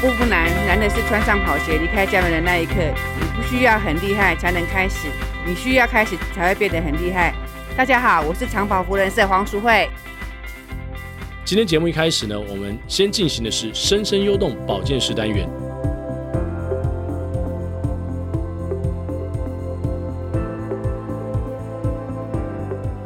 不難，難的是穿上跑鞋離開家門的那一刻。你不需要很厲害才能開始，你需要開始才會變得很厲害。大家好，我是長跑服人社黃淑惠。今天節目一開始呢，我們先進行的是生生優動保健室單元，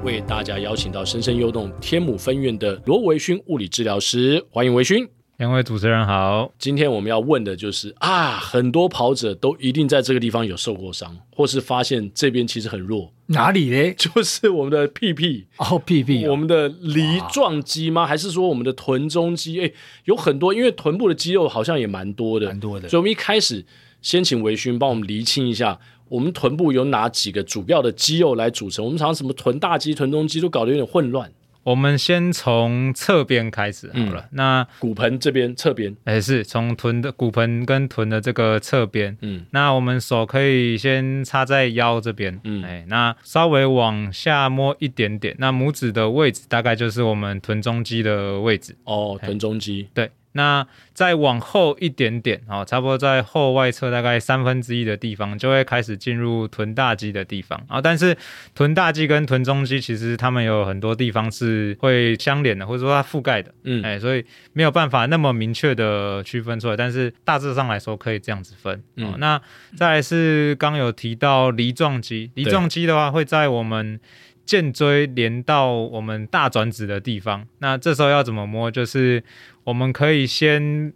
為大家邀請到生生優動天母分院的羅唯熏物理治療師，歡迎唯熏。兩位主持人好，今天我們要問的就是啊，很多跑者都一定在這個地方有受過傷，或是發現這邊其實很弱，哪裡呢、啊？就是我們的屁屁哦，屁屁、哦，我們的梨狀肌嗎？還是說我們的臀中肌？哎，有很多，因為臀部的肌肉好像也蠻多的，蠻多的。所以我們一開始先請唯熏幫我們釐清一下，我們臀部有哪幾個主要的肌肉來組成？我們常常什麼臀大肌、臀中肌都搞得有點混亂。我們先從側邊開始好了，嗯、那骨盆這邊側邊，哎，是從臀的骨盆跟臀的這個側邊。嗯，那我們手可以先插在腰這邊，嗯，哎，那稍微往下摸一點點，那拇指的位置大概就是我們臀中肌的位置。哦，臀中肌，誒，對。那再往後一點點，哦，差不多在後外側大概三分之一的地方，就會開始進入臀大肌的地方啊。但是臀大肌跟臀中肌其實它們有很多地方是會相連的，或者說它覆蓋的，嗯、欸，所以沒有辦法那麼明確的區分出來。但是大致上來說可以這樣子分。哦、嗯，那再來是剛有提到梨狀肌，梨狀肌的話會在我們薦椎連到我們大轉子的地方。那這時候要怎麼摸就是。我們可以先。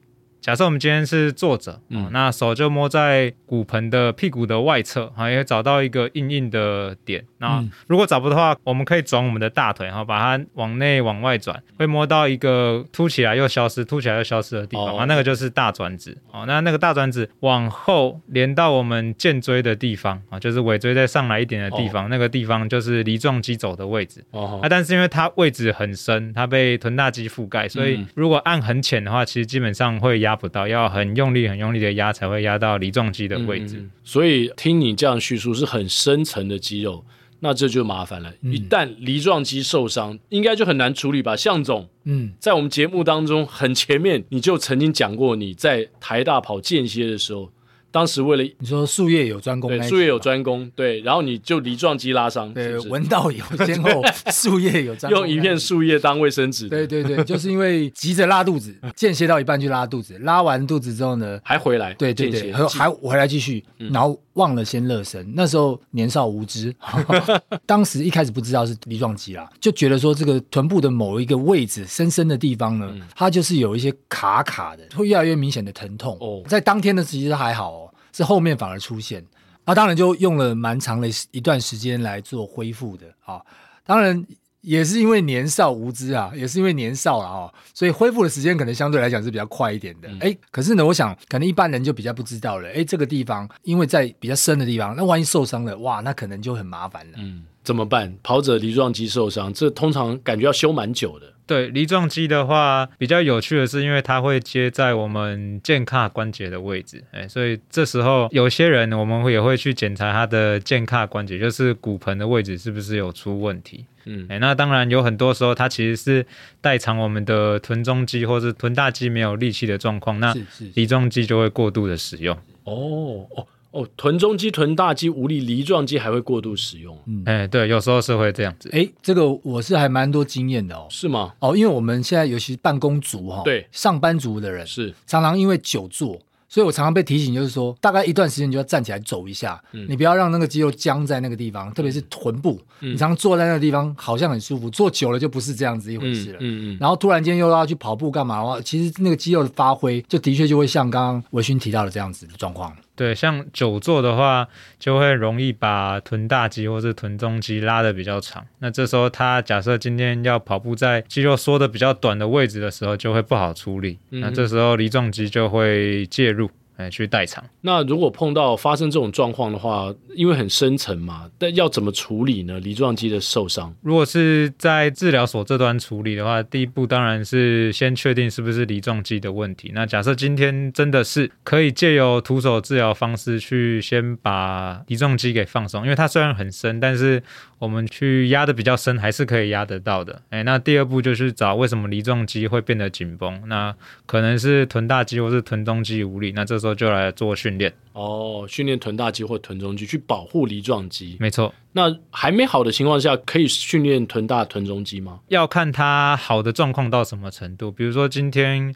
假設我們今天是坐着，啊、嗯，那手就摸在骨盆的屁股的外側，啊，也會找到一個硬硬的點、嗯。那如果找不到的話，我們可以轉我們的大腿，然後把它往內往外轉，會摸到一個凸起來又消失、凸起來又消失的地方，啊、哦，那個就是大轉子。哦，那那個大轉子往後連到我們薦椎的地方，啊，就是尾椎再上來一點的地方，哦、那個地方就是梨狀肌走的位置。哦，啊，但是因為它位置很深，它被臀大肌覆蓋，所以如果按很淺的話、嗯，其實基本上會壓不到，要很用力，很用力的壓才會壓到梨狀肌的位置。嗯，所以聽你這樣敘述是很深層的肌肉，那這就麻煩了。嗯。一旦梨狀肌受傷，應該就很難處理吧？象總，嗯，在我們節目當中很前面，你就曾經講過你在台大跑間歇的時候。當時為了你說術業有專攻，術業有專攻，對，然後你就梨狀肌拉傷，對，聞到以後，先後，術 業有專，用一片樹葉當衛生紙，對對對，就是因為急着拉肚子，間歇到一半去拉肚子，拉完肚子之後呢，還回來，對對對，間歇還回來繼續、嗯、然後。忘了先熱身，那時候年少無知，哦、 當時一開始不知道是梨狀肌啦，就覺得說這個臀部的某一個位置，深深的地方呢，嗯、它就是有一些卡卡的，會越來越明顯的疼痛、哦。在當天的時候其實還好、哦，是後面反而出現，那、啊、當然就用了蠻長的一段時間來做恢復的啊，當然。也是因為年少無知啊，也是因為年少了、啊、哦，所以恢復的時間可能相對來講是比較快一點的。誒、嗯欸。可是呢，我想可能一般人就比較不知道了。誒、欸，這個地方因為在比較深的地方，那萬一受傷了，哇，那可能就很麻煩了。嗯，怎麼辦？跑者梨狀肌受傷，這通常感覺要休蠻久的。對，梨狀肌的話，比較有趣的是，因為它會接在我們薦髂關節的位置，誒、欸。所以這時候有些人我們也會去檢查他的薦髂關節，就是骨盆的位置是不是有出問題。嗯、欸，那當然有很多時候，它其實是代償我們的臀中肌或者臀大肌沒有力氣的狀況，那梨狀肌就會過度的使用。哦哦哦，臀中肌、臀大肌無力，梨狀肌還會過度使用。嗯，哎、欸，對，有時候是會這樣子。哎、欸，這個我是還蠻多經驗的哦。是嗎？哦，因為我們現在尤其辦公族哈、哦，對，上班族的人是常常因為久坐。所以，我常常被提醒，就是說，大概一段時間就要站起來走一下，嗯，你不要讓那個肌肉僵在那個地方，嗯，特別是臀部，嗯。你常常坐在那個地方，好像很舒服，坐久了就不是這樣子一回事了。嗯嗯嗯，然後突然間又要去跑步幹嘛的話，其實那個肌肉的發揮，就的確就會像剛剛唯熏提到的這樣子的狀況。對，像久坐的話，就會容易把臀大肌或是臀中肌拉得比較長。那這時候，他假設今天要跑步，在肌肉縮得比較短的位置的時候，就會不好處理。嗯、那這時候，梨狀肌就會介入。去代償。那如果碰到發生這種狀況的話，因為很深層嘛，但要怎麼處理呢？梨狀肌的受傷，如果是在治療所這端處理的話，第一步當然是先確定是不是梨狀肌的問題。那假設今天真的是可以借由徒手治療方式去先把梨狀肌給放鬆，因為它雖然很深，但是。我們去壓的比較深，還是可以壓得到的。哎，那第二步就去找為什麼梨狀肌會變得緊繃，那可能是臀大肌或是臀中肌無力。那這時候就來做訓練哦，訓練臀大肌或臀中肌去保護梨狀肌。沒錯。那還沒好的情況下，可以訓練臀大、臀中肌嗎？要看它好的狀況到什麼程度，比如說今天。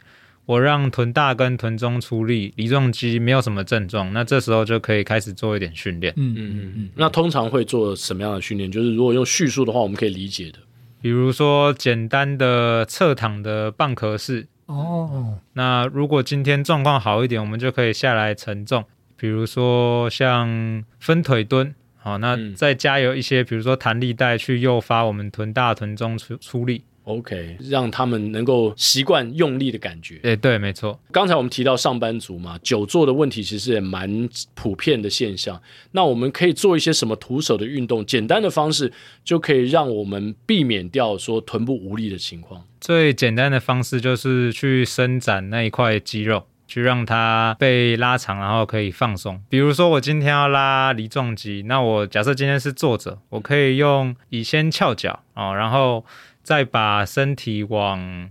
我讓臀大跟臀中出力，梨狀肌沒有什麼症狀，那這時候就可以開始做一點訓練。嗯嗯嗯嗯。那通常會做什麼樣的訓練？就是如果用敘述的話，我們可以理解的。比如說簡單的側躺的蚌殼式。哦、oh.。那如果今天狀況好一點，我們就可以下來承重，比如說像分腿蹲。好，那再加油一些，嗯，比如說彈力帶去誘發我們臀大、臀中出出力。OK，讓他們能夠習慣用力的感覺。欸，對，沒錯。剛才我們提到上班族嘛，久坐的問題其實也蠻普遍的現象。那我們可以做一些什麼徒手的運動，簡單的方式就可以讓我們避免掉說臀部無力的情況。最簡單的方式就是去伸展那一塊肌肉，去讓它被拉長，然後可以放鬆。比如說，我今天要拉梨狀肌，那我假設今天是坐着，我可以用乙酰翹腳啊，哦，然後。再把身體往，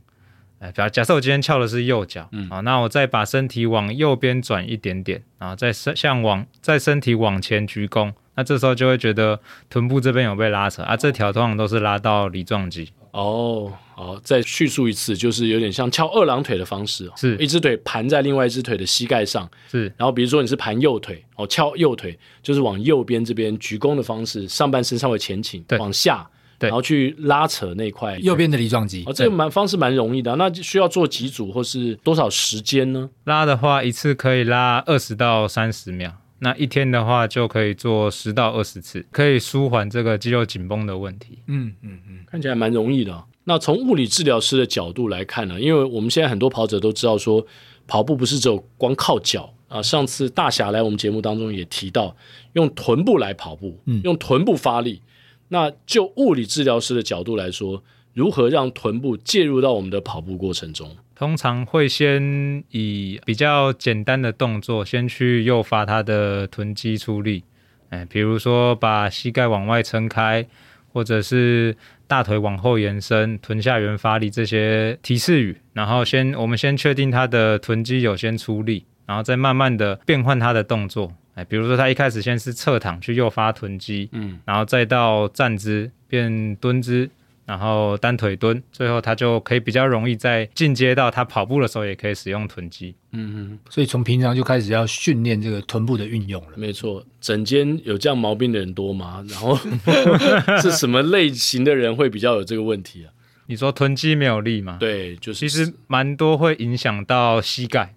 哎，假設我今天翹的是右腳，嗯，好、哦，那我再把身體往右邊轉一點點，然後再向往再身體往前鞠躬，那這時候就會覺得臀部這邊有被拉扯啊，這條通常都是拉到梨狀肌。哦，好、哦，再敘述一次，就是有點像翹二郎腿的方式、哦，是一隻腿盤在另外一隻腿的膝蓋上，是，然後比如說你是盤右腿，哦，翹右腿就是往右邊這邊鞠躬的方式，上半身稍微前傾，對，往下。然後去拉扯那塊右邊的梨狀肌，哦，這個蠻方式蠻容易的啊。那需要做幾組或是多少時間呢？拉的話，一次可以拉二十到三十秒。那一天的話，就可以做十到二十次，可以舒緩這個肌肉緊繃的問題。嗯嗯嗯，看起來蠻容易的啊。那從物理治療師的角度來看呢？啊，因為我們現在很多跑者都知道說，跑步不是只有光靠腳啊。上次大俠來我們節目當中也提到，用臀部來跑步，嗯，用臀部發力。那就物理治療師的角度來說，如何讓臀部介入到我們的跑步過程中？通常會先以比較簡單的動作，先去誘發他的臀肌出力，誒、欸，比如說把膝蓋往外撐開，或者是大腿往後延伸，臀下緣發力這些提示語，然後先我們先確定他的臀肌有先出力，然後再慢慢的變換他的動作。比如說，他一開始先是側躺去誘發臀肌，嗯，然後再到站姿變蹲姿，然後單腿蹲，最後他就可以比較容易再進階到他跑步的時候也可以使用臀肌，嗯嗯。所以從平常就開始要訓練這個臀部的運用了。沒錯，整間有這樣毛病的人多嗎？然後 是什麼類型的人會比較有這個問題啊？你說臀肌沒有力嗎？對，就是其實蠻多會影響到膝蓋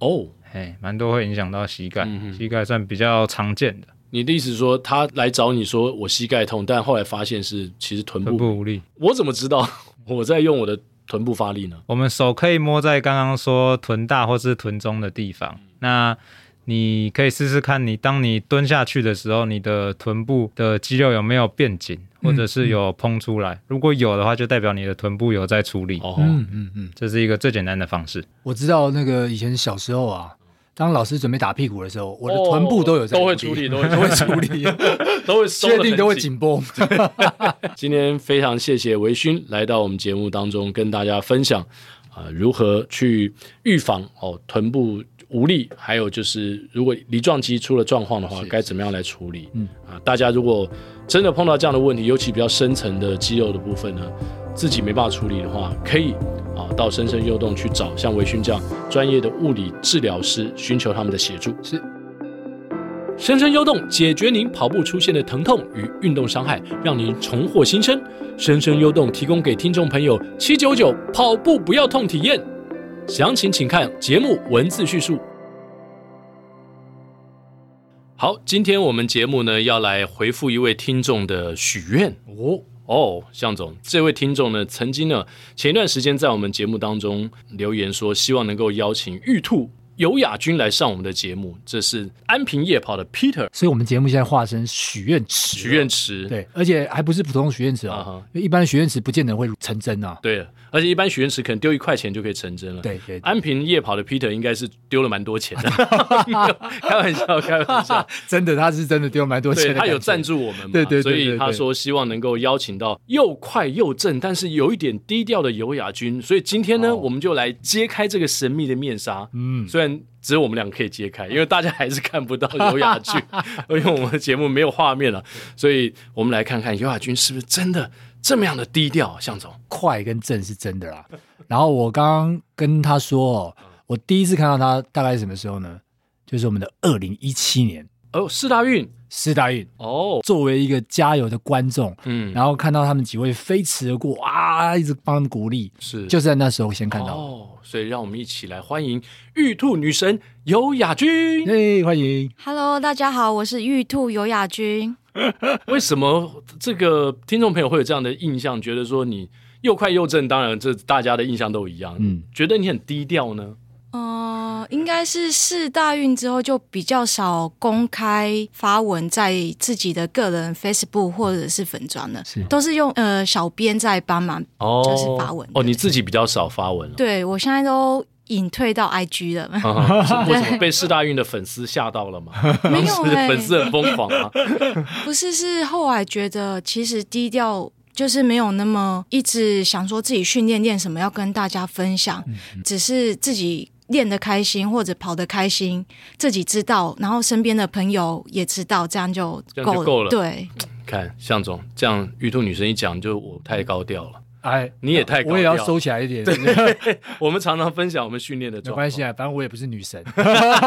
哦。哎，蠻多會影響到膝蓋、嗯嗯，膝蓋算比較常見的。你的意思說，他來找你說我膝蓋痛，但後來發現是其實臀部，臀部無力。我怎麼知道我在用我的臀部發力呢？我們手可以摸在剛剛說臀大或是臀中的地方，那你可以試試看，你當你蹲下去的時候，你的臀部的肌肉有沒有變緊、嗯嗯，或者是有膨出來？嗯嗯，如果有的話，就代表你的臀部有在出力。哦，嗯嗯，這是一個最簡單的方式。我知道那個以前小時候啊。當老師準備打屁股的時候，我的臀部都有在處理、哦，都會處理，都會處理， 都會確定都會緊繃。 緊繃 今天非常謝謝唯熏來到我們節目當中，跟大家分享、呃、如何去預防哦，臀部無力，還有就是如果梨狀肌出了狀況的話是是是，該怎麼樣來處理？嗯啊、呃，大家如果真的碰到這樣的問題，尤其比較深層的肌肉的部分呢，自己沒辦法處理的話，可以。到生生優動去找像唯熏這樣專業的物理治療師，尋求他們的協助。是生生優動解決您跑步出現的疼痛與運動傷害，讓您重獲新生。生生優動提供給聽眾朋友七九九跑步不要痛體驗，詳情請看節目文字敘述。好，今天我們節目呢要來回覆一位聽眾的許願哦。哦，象總，這位聽眾呢，曾經呢，前一段時間在我們節目當中留言說，希望能夠邀請玉兔。游雅君來上我們的節目，這是安平夜跑的 Peter，所以，我們節目現在化身許願池。許願池，對，而且還不是普通的許願池啊、哦，uh-huh. 因為一般許願池不見得會成真啊。對，而且一般許願池可能丟一塊錢就可以成真了。對對,對，安平夜跑的 Peter 應該是丟了蠻多錢的。 開玩笑，開玩笑， 真的他是真的丟了蠻多錢。他有贊助我們嘛，對對,對,對,對,對對，所以他說希望能夠邀請到又快又正，但是有一點低調的游雅君。所以今天呢，哦、我們就來揭開這個神秘的面紗。嗯，雖然。只有我們兩個可以揭開，因為大家還是看不到游雅君， 因為我們的節目沒有畫面了、啊，所以我們來看看游雅君是不是真的這麼樣的低調、啊。象總，快跟正是真的啦。然後我剛剛跟他說、哦，我第一次看到他大概是什麼時候呢？就是我們的二零一七年，哦，世大運。石達韻→世大運哦，作為一個加油的觀眾，嗯，然後看到他們幾位飛馳而過，哇，一直幫他們鼓勵，是，就是在那時候先看到哦，所以讓我們一起來歡迎玉兔女神游雅君，嘿，歡迎，Hello，大家好，我是玉兔游雅君。 為什麼這個聽眾朋友會有這樣的印象，覺得說你又快又正？當然，這大家的印象都一樣，嗯，覺得你很低調呢？哦、呃，應該是世大運之後就比較少公開發文在自己的個人 Facebook 或者是粉專了，都是用呃小編在幫忙，就是發文哦。哦，你自己比較少發文。啊、對，我現在都隱退到 IG 了。啊、是為什麼被世大運的粉絲嚇到了嗎？沒有， 粉絲很瘋狂啊。 不是，是後來覺得其實低調就是沒有那麼一直想說自己訓練練什麼要跟大家分享，嗯、只是自己。練得開心或者跑得開心，自己知道，然後身邊的朋友也知道，這樣就夠了。夠了。對，看向總這樣，玉兔女神一講，就我太高調了。哎，你也太高調了，我也要收起來一點。對， 我們常常分享我們訓練的，沒關係啊，反正我也不是女神，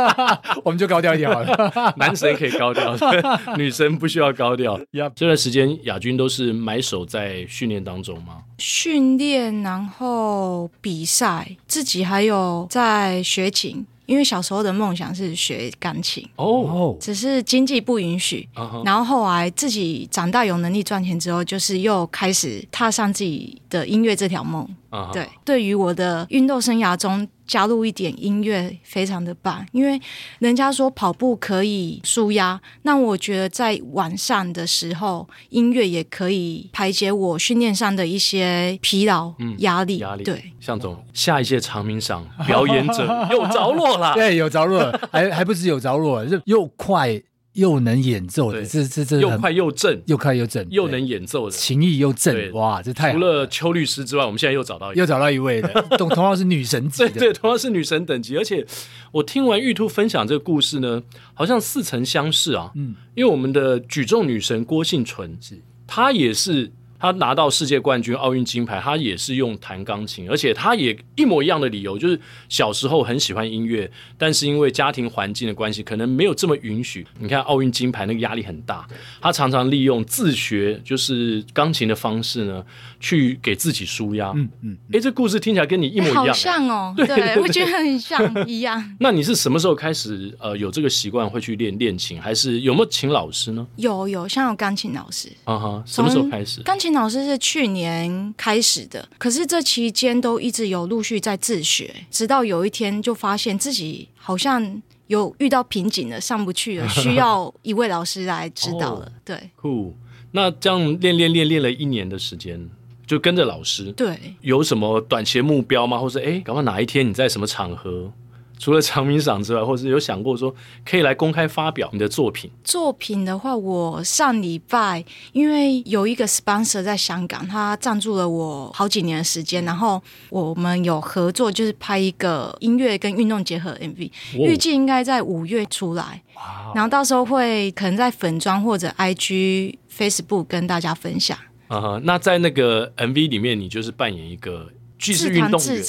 我們就高調一點好了。 男神可以高調， 女神不需要高調。這、yep. 段時間，雅君都是埋首在訓練當中嗎？訓練，然後比賽，自己還有在學琴。因為小時候的夢想是學鋼琴，哦、oh, oh.，只是經濟不允許。Uh -huh. 然後後來自己長大有能力賺錢之後，就是又開始踏上自己的音樂這條夢。Uh -huh. 對，對於我的運動生涯中加入一點音樂，非常的棒。因為人家說跑步可以舒壓，那我覺得在晚上的時候，音樂也可以排解我訓練上的一些疲勞壓、嗯、壓力。壓力對。象總、嗯，下一屆長名賞表演者 有着落了。 對，有着落，還還不是有着落，又又快。又能演奏的，這這這又快又正，又快又正，又能演奏的，情意又正。哇，這太好了，除了邱律師之外，我們現在又找到一位又找到一位的 同，同樣是女神級的。對，對，同樣是女神等級。而且我聽完玉兔分享這個故事呢，好像似曾相識啊，嗯、因為我們的舉重女神郭婞淳，她也是。他拿到世界冠軍、奧運金牌，他也是用彈鋼琴，而且他也一模一樣的理由，就是小時候很喜歡音樂，但是因為家庭環境的關係，可能沒有這麼允許。你看奧運金牌那個壓力很大，他常常利用自學就是鋼琴的方式呢，去給自己舒壓。嗯嗯。哎、欸，這故事聽起來跟你一模一樣，欸、好像哦。對，對，對，對，我覺得很像 一樣。那你是什麼時候開始呃有這個習慣會去練練琴，還是有沒有請老師呢？有有，像有鋼琴老師。啊哈，什麼時候開始？鋼琴。老師是去年開始的，可是這期間都一直有陸續在自學，直到有一天就發現自己好像有遇到瓶頸了，上不去了，需要一位老師來指導了、 哦。對，酷，那這樣練練練練了一年的時間，就跟着老師。對，有什麼短期的目標嗎？或者哎、欸，搞不好哪一天你在什麼場合？除了長鳴嗓之外，或是有想過說，可以來公開發表你的作品？作品的話，我上禮拜因為有一個 sponsor 在香港，他贊助了我好幾年的時間，然後我們有合作，就是拍一個音樂跟運動結合 MV，預計、哦、應該在五月出來。哦。然後到時候會可能在粉專或者 IG、Facebook 跟大家分享。啊、uh-huh,，那在那個 MV 裡面，你就是扮演一個既是運動員，自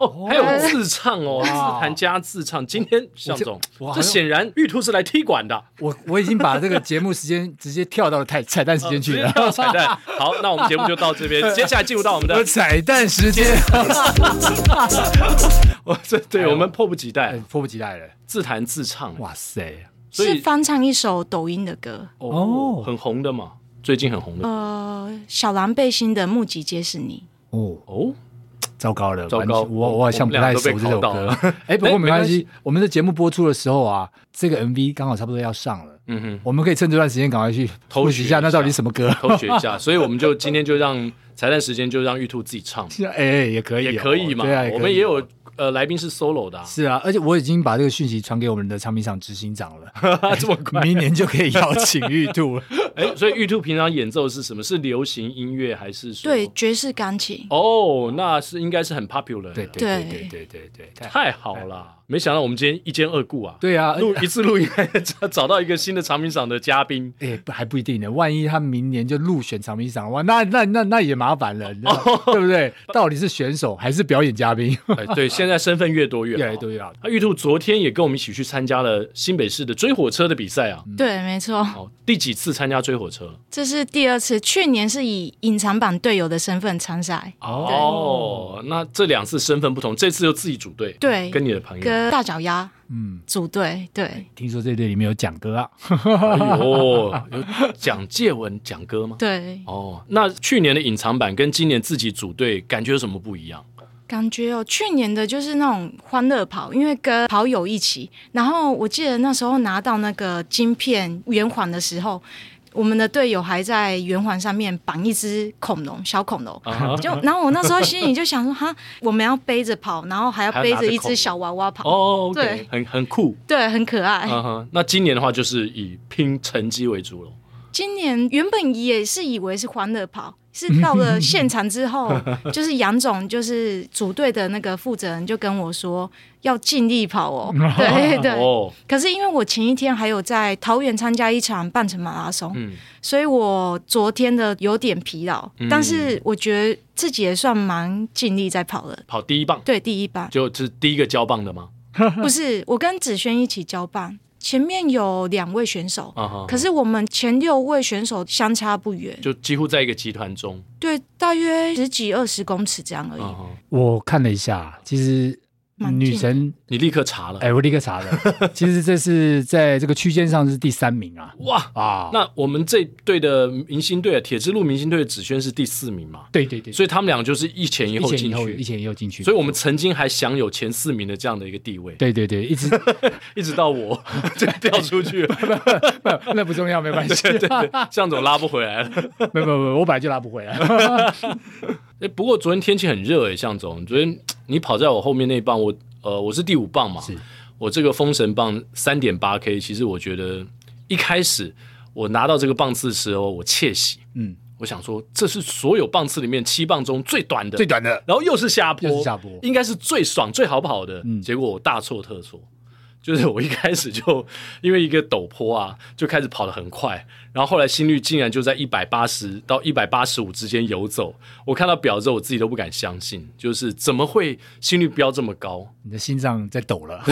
哦，oh, 還有自唱哦，oh. 自彈加自唱。今天象總，這顯然玉兔是來踢館的。我我已經把這個節目時間直接跳到了彩彩蛋時間去了。 呃、彩蛋，好，那我們節目就到這邊， 接下來進入到我們的彩蛋時間。我這 對我們迫不及待、哎，迫不及待了。自彈自唱，哇塞，所以是翻唱一首抖音的歌哦，oh, 很紅的嘛，最近很紅的，呃、uh,，小藍背心的《目及皆是你》。哦哦。糟糕了，糟糕，我我好像不太熟這首歌。哎，不過沒，沒關係，我們的節目播出的時候啊，這個 MV 剛好差不多要上了，嗯哼，我們可以趁這段時間趕快去偷學一下。那到底什麼歌？偷學， 偷學一下，所以我們就今天就讓彩蛋 時間就讓玉兔自己唱。哎哎，也可以、哦，也可以嘛，哦、對啊，我們也有。呃，來賓是 solo 的啊？是啊，而且我已經把這個訊息傳給我們的唱片廠執行長了， 這麼快 明年就可以邀請玉兔了。哎、 欸，所以玉兔平常演奏的是什麼？是流行音樂還是說對爵士鋼琴？哦、oh,，那是應該是很 popular 的，對對對對對對對,對，太好了。沒想到我們今天一兼二顧啊！對啊，錄一次錄影、哎，找到一個新的長名單的嘉賓。哎不，還不一定呢，萬一他明年就入選長名單，哇，那那那那也麻煩了、哦哦，對不對？到底是選手還是表演嘉賓？哎，對，現在身份越多越好，越多越好。那、啊啊、玉兔昨天也跟我們一起去參加了新北市的追火車的比賽啊。對，沒錯。哦，第幾次參加追火車？這是第二次，去年是以隱藏版隊友的身份參賽。哦，那這兩次身份不同，這次又自己組隊，對，嗯、跟你的朋友。大腳丫，嗯，組隊，對。聽說這隊裡面有蔣哥啊， 哎、呦，有蔣介文、蔣哥嗎？對，哦，那去年的隱藏版跟今年自己組隊感覺有什麼不一樣？感覺哦，去年的就是那種歡樂跑，因為跟跑友一起。然後我記得那時候拿到那個晶片圓環的時候，我們的隊友還在圓環上面綁一隻恐龍，小恐龍，uh -huh. 就然後我那時候心裡就想說 哈，我們要背着跑，然後還要背着一隻小娃娃跑，哦，oh, okay. 對，很很酷，對，很可愛。Uh -huh. 那今年的話就是以拼成績為主了。今年原本也是以為是歡樂跑。是，到了現場之後， 就是楊總，就是組隊的那個負責人就跟我說要盡力跑哦。 對對，哦，可是因為我前一天還有在桃園參加一場半程馬拉松，嗯，所以我昨天的有點疲勞，嗯，但是我覺得自己也算蠻盡力在跑了，跑第一棒，對，第一棒，就是第一個交棒的嗎？ 不是，我跟子軒一起交棒。前面有兩位選手，哦，可是我們前六位選手相差不遠，就幾乎在一個集團中。對，大約十幾二十公尺這樣而已。哦，我看了一下，其實。女神，你立刻查了。哎、欸，我立刻查了。 其實這是在這個區間上是第三名啊。哇啊！那我們這隊的明星隊鐵、啊、之路明星隊的子軒是第四名嘛？對對對。所以他們倆就是一前一後進去，一前一後進去。所以我們曾經還享有前四名的這樣的一個地位。對對對，一直 一直到我掉 出去了， 那不重要，沒關係。象 對對對對總拉不回來了， 沒有沒有，我本來就拉不回來。哎、 欸，不過昨天天氣很熱哎、欸，象總，昨天。你跑在我後面那一棒，我呃，我是第五棒嘛。是，我這個封神棒三點八 K，其實我覺得一開始我拿到這個棒次的時候，我竊喜，嗯，我想說這是所有棒次裡面七棒中最短的。最短的。然後又是下坡，又是下坡，應該是最爽，最好跑的。嗯。結果我大錯特錯。就是我一開始就因為一個陡坡啊，就開始跑得很快，然後後來心率竟然就在一百八十到一百八十五之間游走。我看到表之後，我自己都不敢相信，就是怎麼會心率飆這麼高？你的心臟在抖了，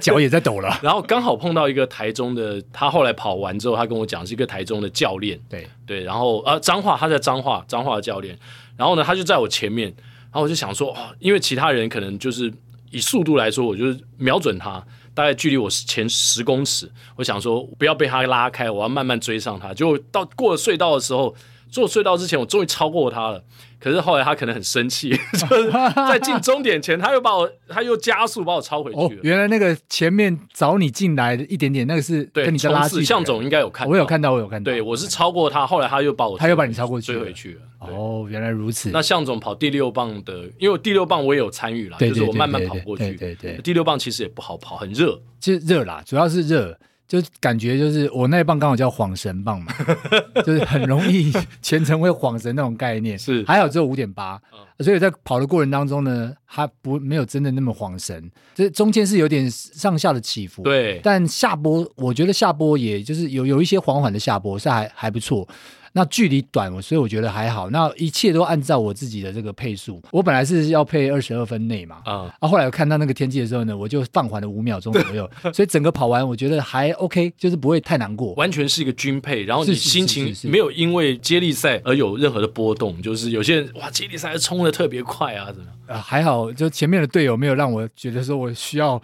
腳也在抖了。然後剛好碰到一個台中的，他後來跑完之後，他跟我講是一個台中的教練，對對。然後呃，彰化他在彰化，彰化的教練，然後呢，他就在我前面，然後我就想說，哦，因為其他人可能就是以速度來說，我就是瞄準他。大概距離我前十公尺，我想說不要被他拉開，我要慢慢追上他。就到過了隧道的時候。做隧道之前，我終於超過他了。可是後來他可能很生氣， 就是在進終點前，他又把我，他又加速把我超回去了。哦，原來那個前面找你進來的一點點，那個是跟你在拉的差距。象、呃、總應該有看到，我有看到，我有看到。對，我是超過他，嗯、後來他又把我他又把你超過追回去了。哦，原來如此。那象總跑第六棒的，因為我第六棒我也有參與了，就是我慢慢跑過去。對對,對,對,對,對,對,對,對第六棒其實也不好跑，很熱，其實熱啦，主要是熱。就感覺就是我那一棒剛好叫晃神棒嘛， 就是很容易全程會晃神那種概念。是，還好只有五點八，所以在跑的過程當中呢，還不沒有真的那麼晃神。這中間是有點上下的起伏，對。但下坡，我覺得下坡也就是有有一些緩緩的下坡，是還還不錯。那距離短，我所以我覺得還好。那一切都按照我自己的這個配速，我本來是要配二十二分內嘛。啊、uh,，啊，後來我看到那個天氣的時候呢，我就放緩了五秒鐘左右。 所以整個跑完，我覺得還 OK，就是不會太難過。完全是一個均配，然後你心情沒有因為接力賽而有任何的波動，是是是是，就是有些人哇，接力賽衝的特別快啊什麼、呃。還好，就前面的隊友沒有讓我覺得說我需要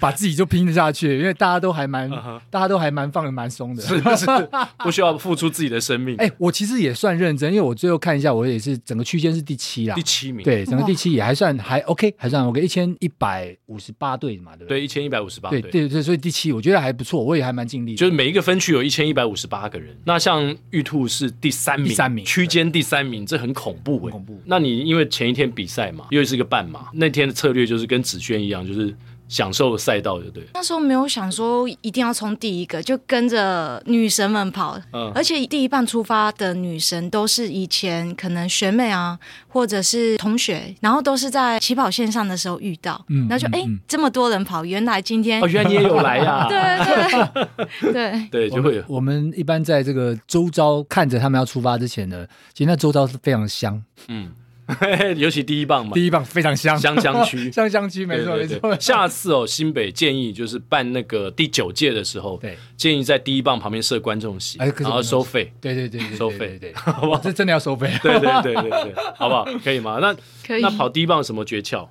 把自己就拼的下去， 因為大家都還蠻，uh -huh. 大家都還蠻放的蠻鬆的，是，是，是不需要付出自己的生命。 哎、欸，我其實也算認真，因為我最後看一下，我也是整個區間是第七啦，第七名，對，整個第七也還算還 OK，還算 OK 一千一百五十八對嘛，對不對？對，一千一百五十八對，對,對對，所以第七我覺得還不錯，我也還蠻盡力的。就是每一個分區有一千一百五十八個人，那像玉兔是第三名，名第三名區間第三名，這很恐怖、欸，很恐怖。那你因為前一天比賽嘛，因為是一個半馬，那天的策略就是跟子軒一樣，就是。享受賽道就對，那時候沒有想說一定要從第一個，就跟着女神們跑。嗯、而且第一棒出發的女神都是以前可能學妹啊，或者是同學，然後都是在起跑線上的時候遇到。嗯，那就哎、嗯欸，這麼多人跑，原來今天哦，原來你也有來呀、啊。對 對對對， 對對就會有我們一般在這個周遭看着他們要出發之前呢，其實那周遭是非常香。嗯。 尤其第一棒嘛，第一棒非常香，香香區， 香香區沒錯沒錯。 下次哦，新北建議就是辦那個第九屆的時候， 對，建議在第一棒旁邊設觀眾席，欸，然後收費， 對，對，對，對對對，收費，對，好不好？ 這真的要收費？ 對，對對對對對，好不好？可以嗎？那可以。那跑第一棒什麼訣竅？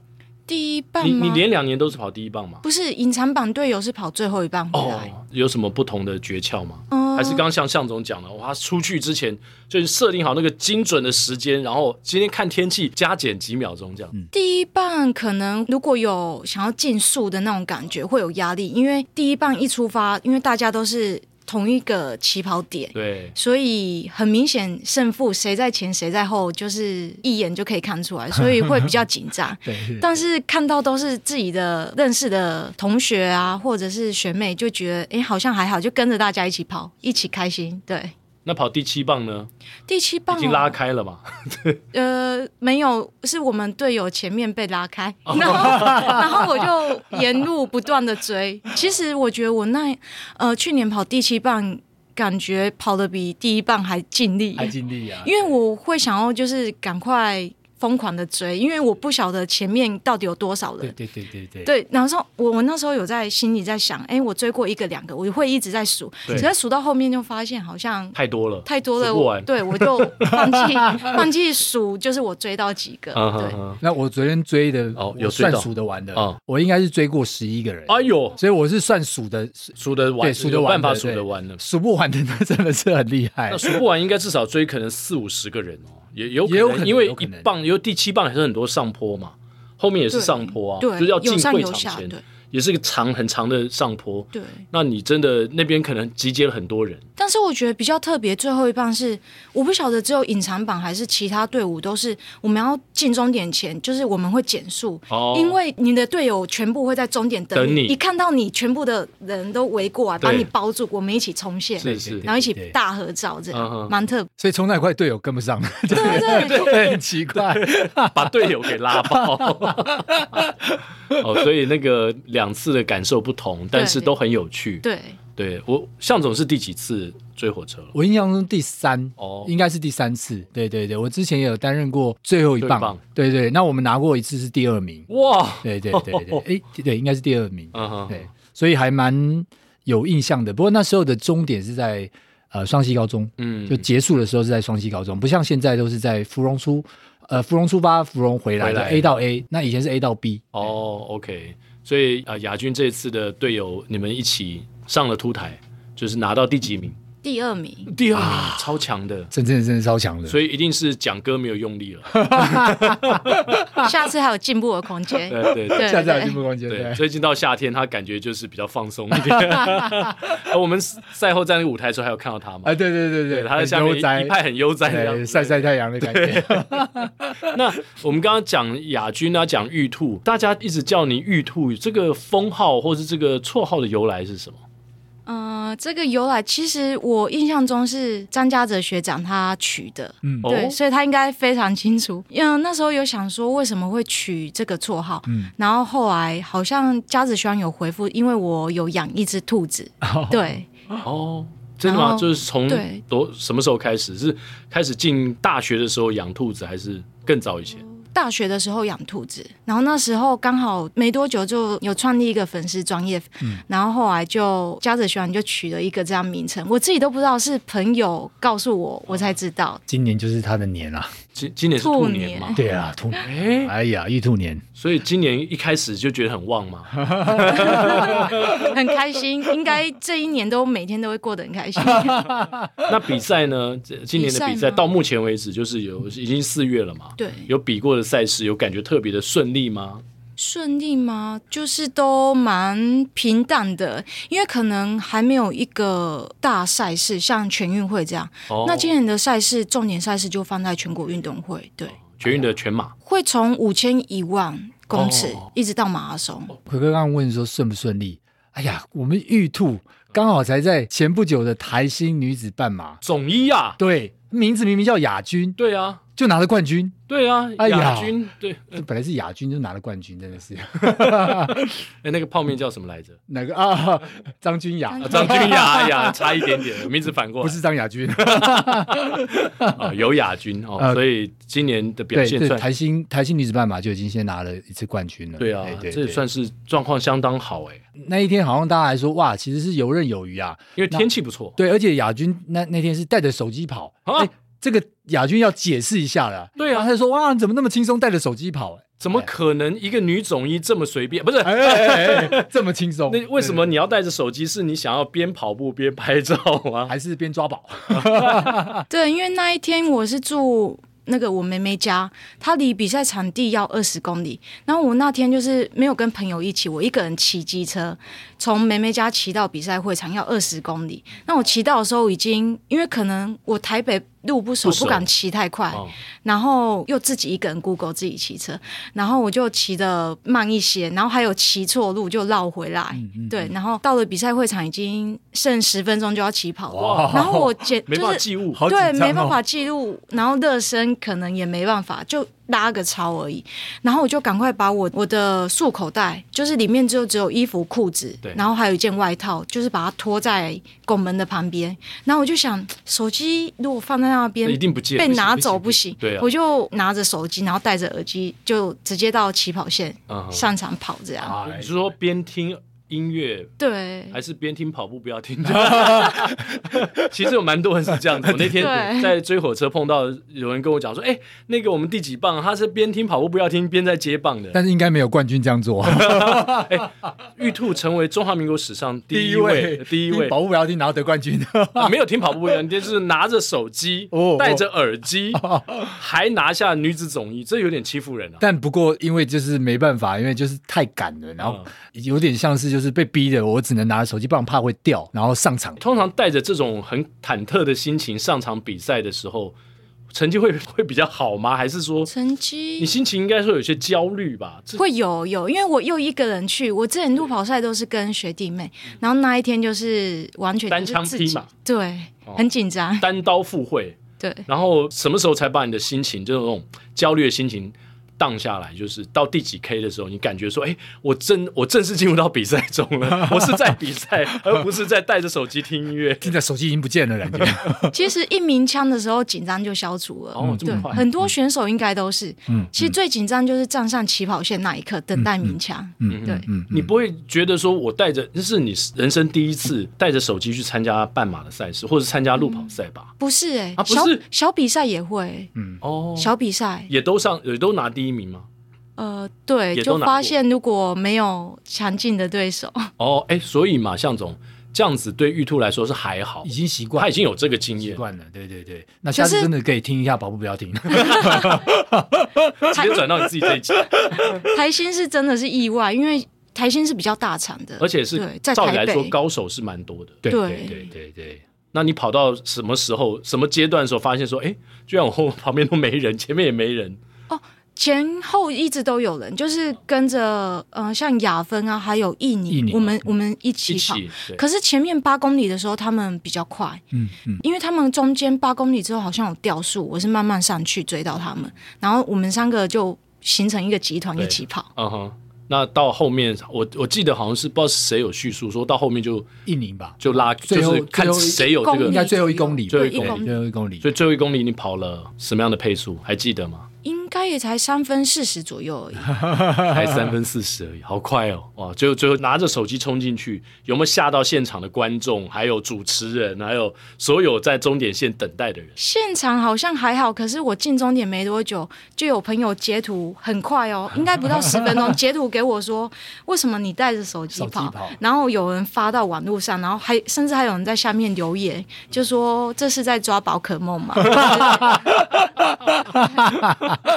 第一棒嗎？你你連兩年都是跑第一棒嗎？不是，隱藏版隊友是跑最後一棒哦，oh, 有什麼不同的訣竅嗎？Uh... 還是剛剛象象總講的，我出去之前就是設定好那個精準的時間，然後今天看天氣加減幾秒鐘這樣。嗯。第一棒可能如果有想要競速的那種感覺，會有壓力，因為第一棒一出發，因為大家都是。同一個起跑點，對，所以很明顯勝負誰在前誰在後，就是一眼就可以看出來，所以會比較緊張。 但是看到都是自己的認識的同學啊，或者是學妹，就覺得誒好像還好，就跟着大家一起跑，一起開心，對。那跑第七棒呢？第七棒、哦、已經拉開了吧？ 呃，沒有，是我們隊友前面被拉開 然後，然後我就沿路不斷的追。 其實我覺得我那呃去年跑第七棒，感覺跑得比第一棒還盡力，還盡力啊！因為我會想要就是趕快。瘋狂的追，因為我不曉得前面到底有多少人。對對對對對。對，然後我我那時候有在心裡在想，哎、欸，我追過一個兩個，我會一直在數，只要數到後面就發現好像太多了，太多了，數不完，我對，我就忘記 忘記數，就是我追到幾個。Uh -huh. 對,那我昨天追的哦、oh，有算數得完的哦，我應該是追過十一個人。哎呦,所以我是算數得，數得完，數得完，辦法數得完的，數不完的那真的是很厲害。數不完應該至少追可能四五十個人哦。 也有，也，也有可能，因為一棒，有因為第七棒還是很多上坡嘛，後面也是上坡啊，對，就是要進會場前。對有也是一個長很長的上坡，對。那你真的那邊可能集結了很多人。但是我覺得比較特別，最後一棒是，我不曉得只有隱藏版還是其他隊伍都是，我們要進終點前，就是我們會減速，哦。因為你的隊友全部會在終點等你，等你，一看到你全部的人都圍過來，把你包住，我們一起衝線，對，是是，然後一起大合照，這樣，蠻特。所以衝太快，隊友跟不上，對對對，對對對對對很奇怪，把隊友給拉爆。 哦，所以那個。兩次的感受不同，但是都很有趣。對，對，對，我象總是第幾次追火車了？我印象中第三哦，oh. 應該是第三次。對對對，我之前也有擔任過最後一棒。對，棒，對，對，那我們拿過一次是第二名。哇、wow. 對對對對，哎、oh. 對，應該是第二名。嗯、uh -huh.，對，所以還蠻有印象的。不過那時候的終點是在呃雙溪高中，嗯，就結束的時候是在雙溪高中，不像現在都是在福隆出，呃福隆出發，福隆回來了。A 到 A。那以前是 A 到 B、oh.。哦，OK。所以啊，呃，亞軍這次的隊友，你們一起上了凸台，就是拿到第幾名？第二名，第二名，啊、超強的，真正真正超強的，所以一定是講歌沒有用力了。 下次還有進步的空間，對對對，下次還有進步空間。對，最近到夏天，他感覺就是比較放鬆一點，啊， 我們賽後在那個舞台的時候，還有看到他嘛？哎、啊，對對對對，對，他在下面一派很悠哉的曬曬太陽的感覺。 那我們剛剛講雅君啊，講玉兔，大家一直叫你玉兔，這個封號或是這個綽號的由來是什麼？嗯、呃，這個由來其實我印象中是張家澤學長他取的，嗯，對，所以他應該非常清楚。因為那時候有想說為什麼會取這個綽號，嗯，然後後來好像家澤學長有回復，因為我有養一隻兔子、哦，對，哦，真的嗎？就是從多什麼時候開始？是開始進大學的時候養兔子，還是更早以前？嗯大學的時候養兔子，然後那時候剛好沒多久就有創立一個粉絲專頁，嗯，然後後來就加着學完，就取了一個這樣名稱，我自己都不知道，是朋友告訴我，我才知道、哦。今年就是他的年了、啊。今今年是兔年嘛年？對啊，兔年，哎呀，玉兔年， 所以今年一開始就覺得很旺嘛， 很開心。應該這一年都每天都會過得很開心。 那比賽呢？今年的比賽到目前為止就，就是有已經四月了嘛？對，有比過的賽事有感覺特別的順利嗎？順利嗎？就是都蠻平淡的，因為可能還沒有一個大賽事，像全運會這樣。哦、那今年的賽事，重點賽事就放在全國運動會，對，全運的全馬、哎、會從五千一萬公尺一直到馬拉松。魁、哦、哥剛剛問說順不順利？哎呀，我們玉兔剛好才在前不久的台新女子半馬總一啊，對。名字明明叫雅君，對啊，就拿了冠軍，對啊，雅君、哎，對，本來是雅君、呃、就，就拿了冠軍，真的是。哎 欸，那個泡麵叫什麼來着？哪個啊？張君雅，啊、張君雅，呀、 啊啊，差一點點，名字反過來，不是張雅君 、啊，有雅君哦、呃，所以今年的表現對對，台新台新女子半馬就已經先拿了一次冠軍了，對啊，哎、對，這也算是狀況相當好哎、欸。那一天好像大家還說哇，其實是游刃有餘啊，因為天氣不錯，對，而且雅君那那天是帶着手機跑、啊這、那個亞軍要解釋一下了。對啊，他就說：“哇，你怎麼那麼輕鬆帶着手機跑、欸？怎麼可能一個女總醫這麼隨便？不是哎哎哎 這麼輕鬆？那為什麼你要帶着手機？是你想要邊跑步邊拍照嗎？還是邊抓寶 ？” 對，因為那一天我是住那個我妹妹家，她離比賽場地要二十公里。然後我那天就是沒有跟朋友一起，我一個人騎機車從妹妹家騎到比賽會場要二十公里。那我騎到的時候已經，因為可能我台北。路不熟，不熟，不敢騎太快，哦，然後又自己一個人 Google 自己騎車，然後我就騎得慢一些，然後還有騎錯路就繞回來，嗯嗯，對，然後到了比賽會場已經剩十分鐘就要起跑了，然後我簡就是好幾、哦、對，沒辦法記錄，然後熱身可能也沒辦法就。拉個槽而已，然後我就趕快把我我的束口袋，就是裡面就只有衣服褲子，對，然後還有一件外套，就是把它拖在拱門的旁邊，然後我就想手機如果放在那邊一定不見被拿走不行，不，行不，行不行，對、啊，我就拿着手機，然後戴着耳機，就直接到起跑線上場、uh -huh. 跑這樣。你、uh -huh. 是說邊聽？音樂對，還是邊聽跑步不要聽。 其實有蠻多人是這樣子。我那天在追火車碰到有人跟我講說：“哎、欸，那個我們第幾棒？”他是邊聽跑步不要聽邊在接棒的。但是應該沒有冠軍這樣做。哎、 欸， 玉兔成為中華民國史上第一位第一位跑步不要聽，然後得冠軍。 沒有聽跑步不要聽，就是拿着手機，戴、oh, oh. 着耳機，oh, oh. 還拿下女子總一，這有點欺負人啊。但不過因為就是沒辦法，因為就是太趕了，然後有點像是、就。是就是被逼的，我只能拿着手機，不然怕會掉。然後上場，通常帶着這種很忐忑的心情上場比賽的時候，成績會會比較好嗎？還是說成績？你心情應該說有些焦慮吧？會有有，因為我又一個人去。我之前路跑賽都是跟學弟妹，然後那一天就是完全是單槍匹馬，對，哦，很緊張，單刀赴會，對。然後什麼時候才把你的心情，就是那種焦慮的心情？盪下來就是到第幾 K 的時候，你感覺說：“哎、欸，我真，我正式進入到比賽中了，我是在比賽，而不是在帶着手機聽音樂。現 在手機已經不見了，感覺。 ”其實一鳴槍的時候，緊張就消除了。哦，這麼快，嗯、很多選手應該都是。嗯，其實最緊張就是站上起跑線那一刻，嗯、等待鳴槍。嗯，對，嗯，你不會覺得說我，我帶着這是你人生第一次帶着手機去參加半馬的賽事，或者參加路跑賽吧、嗯、不是欸、啊？不是，哎，不是小比賽也會。嗯，哦，小比賽也都上，也都拿第。一名嗎？呃，對，就發現如果沒有強勁的對手哦，哎，所以嘛，象總這樣子對玉兔來說是還好，已經習慣了，他已經有這個經驗經習慣了。對對對，那下次真的可以聽一下跑步不不要聽。直 接 轉到你自己這一集。台新是真的是意外，因為台新是比較大場的，而且是照理來說高手是蠻多的。對對對，對對對對，那你跑到什麼時候，什麼階段的時候，發現說，哎，居然我後旁邊都沒人，前面也沒人。前後一直都有人，就是跟着，嗯、呃，像雅芬啊，還有印尼，尼，我們、嗯、我們一起跑。起可是前面八公里的時候，他們比較快，嗯嗯，因為他們中間八公里之後好像有掉速，我是慢慢上去追到他們、嗯，然後我們三個就形成一個集團一起跑。嗯哼，那到後面，我我記得好像是不知道是誰有敘述說到後面就印尼吧，就拉，最後就是看誰有、這個、應該最，最後一公里，最後一公里，最後一公里。所以最後一公里你跑了什麼樣的配速，還記得嗎？應該也才三分四十左右而已， 才三分四十而已，好快哦！哇，最後最後拿着手機衝進去，有沒有嚇到現場的觀眾，還有主持人，還有所有在終點線等待的人？現場好像還好，可是我進終點沒多久，就有朋友截圖，很快哦，應該不到十分鐘，截圖給我說，為什麼你帶着手機跑,跑？然後有人發到網路上，然後還甚至還有人在下面留言，就說這是在抓寶可夢嗎？對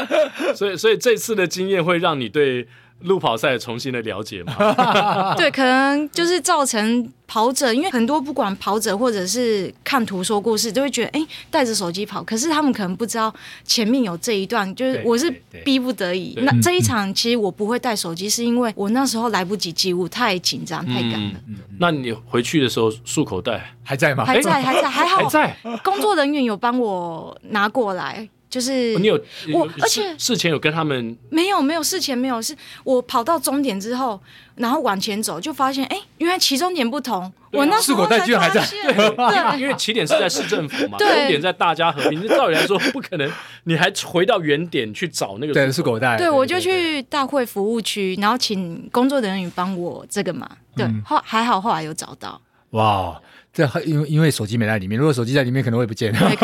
所以，所以這次的經驗會讓你對路跑賽重新的了解嗎？ 對，可能就是造成跑者，因為很多不管跑者或者是看圖說故事，都會覺得哎，帶、欸、着手機跑。可是他們可能不知道前面有這一段，就是我是逼不得已。那這一場其實我不會帶手機，是因為我那時候來不及記，我太緊張太趕了、嗯。那你回去的時候束口袋還在嗎？還在，還在， 還好。還在工作人員有幫我拿過來。就是、哦、你有，有我，而且事前有跟他們沒有沒有事前沒有，是我跑到終點之後，然後往前走就發現，哎，原來起終點不同，啊、我那四狗袋居然還在， 對，因為起點是在市政府嘛，終 點在大佳河濱，照理來說不可能，你還回到原點去找那個四狗帶。對、對、對、對、對，我就去大會服務區，然後請工作人員幫我這個嘛，對，嗯、後還好後來有找到。哇，這因為，因為手機沒在裡面。如果手機在裡面，可能會不見。哎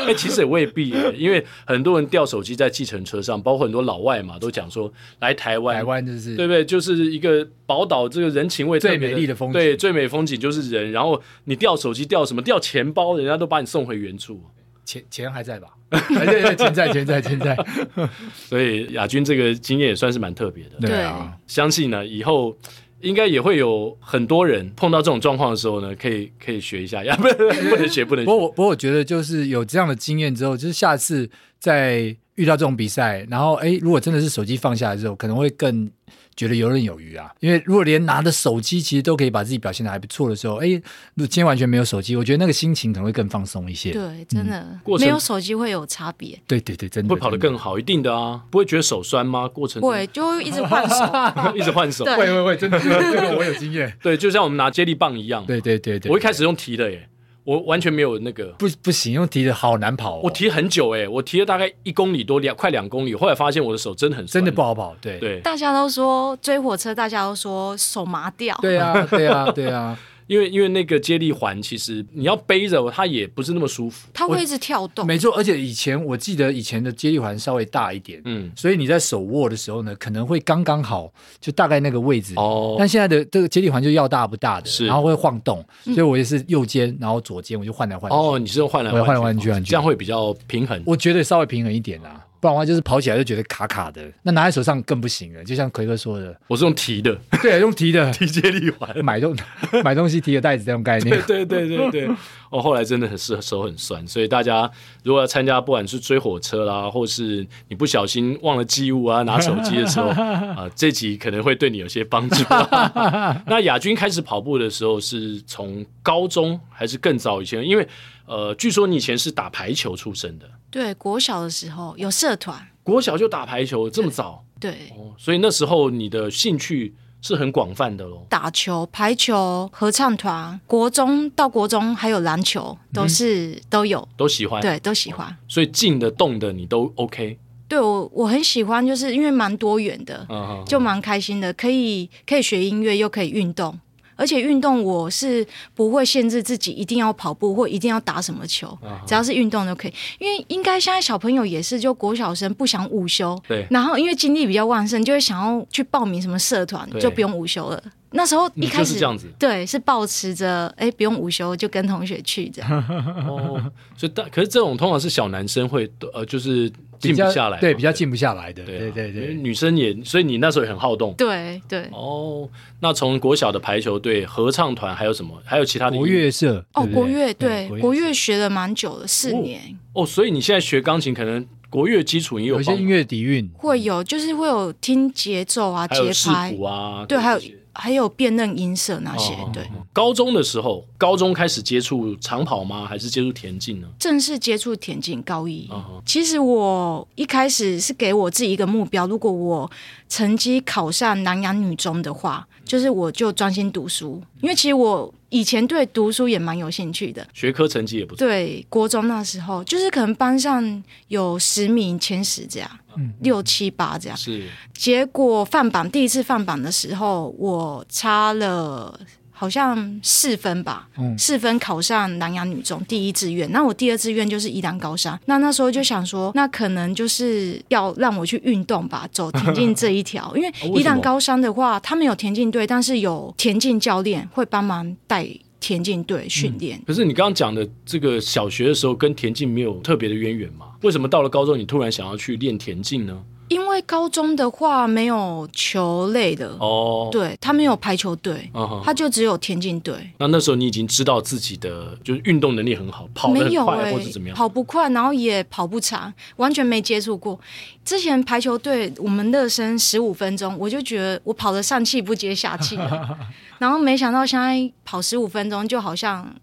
欸，其實也未必，因為很多人掉手機在計程車上，包括很多老外嘛，都講說來台灣，台灣就是對不對？就是一個寶島，這個人情味，最美麗的風景，對，最美風景就是人。然後你掉手機、掉什麼？掉錢包，人家都把你送回原處。錢、錢還在吧？還 在。哎，錢在，錢在，錢在。 所以雅君這個經驗也算是蠻特別的。對啊，對，相信呢以後。應該也會有很多人碰到這種狀況的時候呢，可以可以學一下，也 不不能學，不能學 不。不過不過，我覺得就是有這樣的經驗之後，就是下次再遇到這種比賽，然後哎、欸，如果真的是手機放下來之後，可能會更。覺得游刃有餘啊，因為如果連拿著手機，其實都可以把自己表現得還不錯的時候，哎、欸，今天完全沒有手機，我覺得那個心情可能會更放鬆一些。對，真的，嗯、沒有手機會有差別。對對對，真的會跑得更好，一定的啊，不會覺得手酸嗎？過程對，就一直換手，一直換手。會會會，真的是這個我有經驗。對，就像我們拿接力棒一樣。對，對對對對，我一開始用提的耶。我完全沒有那個不不行，因為提的好難跑。哦，我提很久誒、欸，我提了大概一公里多，兩快兩公里，後來發現我的手真的很酸，真的不好跑，對對，大家都說追火車，大家都說手麻掉，對啊對啊對啊。對啊 因為因為那個接力環，其實你要背着它也不是那麼舒服，它會一直跳動。沒錯，而且以前我記得以前的接力環稍微大一點、嗯，所以你在手握的時候呢，可能會剛剛好，就大概那個位置。哦。但現在的這個接力環就要大不大的，是，然後會晃動，所以我也是右肩，嗯、然後左肩，我就換來換來哦，你是用換來換，換來換去，換來換去。哦，這樣會比較平衡，平衡，我覺得稍微平衡一點啦、啊。不然的話，就是跑起來就覺得卡卡的，那拿在手上更不行了。就像魁哥說的，我是用提的，嗯、對、啊，用提的 提接力環，買東買東西提個袋子這種概念。對對對對對，對。 哦，後來真的很是手很痠，所以大家如果要參加，不管是追火車啦，或是你不小心忘了寄物啊，拿手機的時候啊、呃，這集可能會對你有些幫助、啊。 那雅君開始跑步的時候是從高中還是更早以前？因為呃，據說你以前是打排球出身的。對國小的時候有社團、哦，國小就打排球，這麼早，對，對、哦，所以那時候你的興趣是很廣泛的嘍。打球、排球、合唱團，國中到國中還有籃球，都是、嗯、都有，都喜歡，對，都喜歡。哦、所以靜的、動的你都 OK。對我我很喜歡，就是因為蠻多元的，嗯、就蠻開心的，嗯、可以可以學音樂，又可以運動。而且運動我是不會限制自己一定要跑步或一定要打什麼球，Uh-huh. 只要是運動都可以。因為應該現在小朋友也是，就國小生不想午休，對，然後因為精力比較旺盛，就會想要去報名什麼社團，就不用午休了。那時候一開始就是這樣子，對，是抱持着哎、欸、不用午休就跟同學去這樣。 哦，所以但可是這種通常是小男生會呃就是。靜不下來，對，比較靜不下來的。對、對啊，對對對。女生也，所以你那時候也很好動。對對。哦，那從國小的排球隊、合唱團，還有什麼？還有其他的音樂國樂社對對對。哦，國樂。對，對國樂學了蠻久了，四年哦。哦，所以你現在學鋼琴，可能國樂基礎也有，有一些音樂底蘊會有，就是會有聽節奏啊，節拍啊，對，還有。還有辨認音色那些，oh, 對。Oh, oh, oh. 高中的時候，高中開始接觸長跑嗎？還是接觸田徑呢？正式接觸田徑，高一。其實我一開始是給我自己一個目標，如果我成績考上南洋女中的話，就是我就專心讀書，因為其實我。以前對讀書也蠻有興趣的，學科成績也不錯。對。國中那時候，就是可能班上有十名前十這樣、嗯，六七八這樣。是，結果放榜，第一次放榜的時候，我差了。好像四分吧，嗯、四分考上南洋女中第一志願。那我第二志願就是宜蘭高山。那那時候就想說，那可能就是要讓我去運動吧，走田徑這一條。 因為宜蘭高山的話，他們有田徑隊，但是有田徑教練會幫忙帶田徑隊訓練。可是你剛剛講的這個小學的時候跟田徑沒有特別的淵源嘛？為什麼到了高中你突然想要去練田徑呢？因為高中的話沒有球類的哦，oh. 對他沒有排球隊，oh. Oh. 他就只有田徑隊。那那時候你已經知道自己的就是運動能力很好，跑得快，沒有欸、或者怎麼樣？跑不快，然後也跑不長，完全沒接觸過。之前排球隊我們熱身十五分鐘，我就覺得我跑得上氣不接下氣， 然後沒想到現在跑十五分鐘就好像。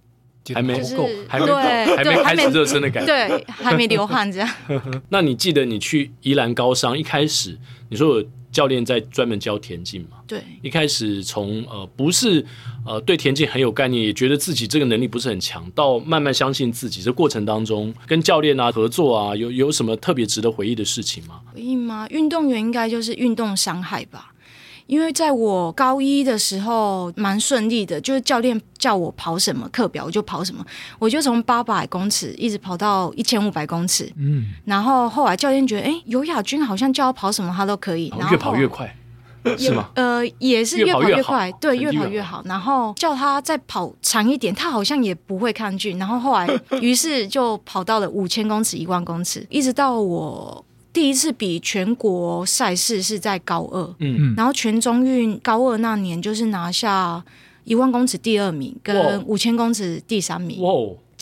還沒夠，就是，對，還沒開始熱身的感覺。對，對，還沒流汗這樣。 那你記得你去宜蘭高商一開始，你說有教練在專門教田徑嘛？對，一開始從呃不是呃對田徑很有概念，也覺得自己這個能力不是很強，到慢慢相信自己這過程當中，跟教練啊合作啊，有有什麼特別值得回憶的事情嗎？回憶嗎？運動員應該就是運動傷害吧。因為在我高一的時候蠻順利的，就是教練叫我跑什麼課表我就跑什麼，我就從八百公尺一直跑到一千五百公尺，嗯，然後後來教練覺得，哎，游雅君好像叫他跑什麼他都可以，嗯、然後越跑越快，是嗎？呃，也是越跑越快，越越對，越跑越好,越好，然後叫他再跑長一點，他好像也不會抗拒，然後後來 於是就跑到了五千公尺、一萬公尺，一直到我。第一次比全國賽事是在高二，嗯，然後全中運高二那年就是拿下一萬公尺第二名跟五千公尺第三名。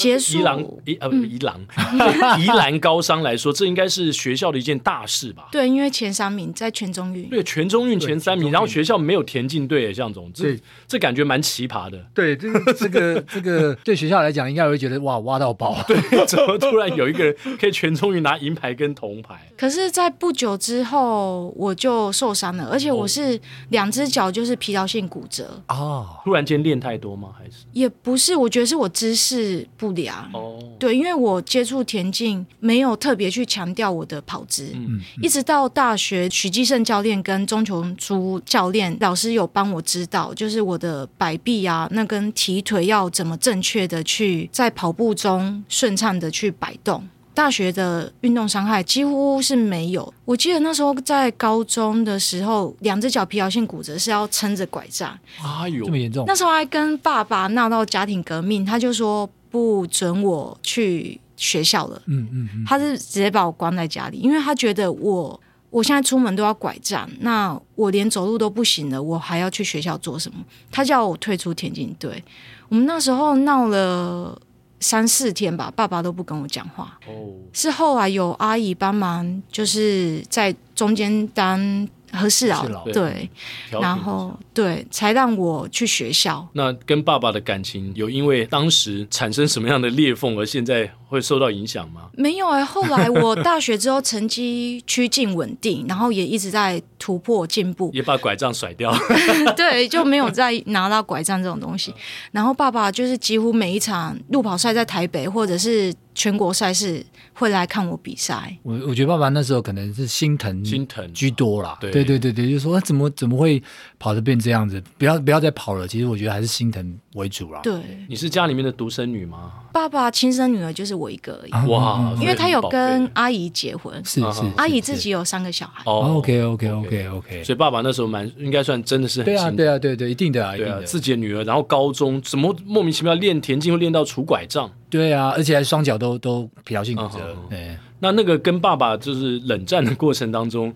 宜蘭宜呃不宜蘭、嗯、宜蘭高商，來說，這應該是學校的一件大事吧？ 對，因為前三名在全中運，對，全中運前三名，然後學校沒有田徑隊，象總，這對這感覺蠻奇葩的。對，這這個這個對學校來講，應該會覺得 哇，挖到寶！對，怎麼突然有一個人可以全中運拿銀牌跟銅牌？可是，在不久之後我就受傷了，而且我是兩隻腳就是疲勞性骨折啊、哦！突然間練太多嗎？還是，也不是，我覺得是我姿勢不。Oh. 對，因為我接觸田徑沒有特別去強調我的跑姿，嗯嗯、一直到大學，許績勝教練跟鍾瓊珠教練老師有幫我知道，就是我的擺臂啊，那跟提腿要怎麼正確的去在跑步中順暢的去擺動。大學的運動傷害幾乎是沒有，我記得那時候在高中的時候，兩隻腳疲勞性骨折是要撐着拐杖，這麼嚴重，那時候還跟爸爸鬧到家庭革命，他就說。不准我去學校了，嗯嗯、嗯，他是直接把我關在家裡，因為他覺得我我現在出門都要拐杖，那我連走路都不行了，我還要去學校做什麼？他叫我退出田徑隊，我們那時候鬧了三四天吧，爸爸都不跟我講話。哦，Oh，是後來有阿姨幫忙，就是在中間當。合適啊，對，然後對才讓我去學校。那跟爸爸的感情有因為當時產生什麼樣的裂縫，而現在會受到影響嗎？沒有啊、欸，後來我大學之後成績趨近穩定， 然後也一直在突破進步，也把拐杖甩掉。 對，就沒有再拿到拐杖這種東西。 然後爸爸就是幾乎每一場路跑賽在台北或者是全國賽事。會來看我比賽，我我覺得爸爸那時候可能是心疼心疼居多啦，對對對對，就說怎麼怎麼會跑得變這樣子，不要不要再跑了，其實我覺得還是心疼為主啦。對，你是家裡面的獨生女嗎？爸爸親生女兒就是我一個而已，哇、啊！因為他有跟阿姨結婚，啊啊、是是，是，阿姨自己有三個小孩。Oh, OK OK OK OK，所以爸爸那時候蠻應該算真的是很對啊對啊對對，啊，一定的啊，對啊一定的，自己的女兒。然後高中怎麼莫名其妙練田徑會練到杵拐杖？對啊，而且還雙腳都都比較辛苦。哎、啊，那那個跟爸爸就是冷戰的過程當中，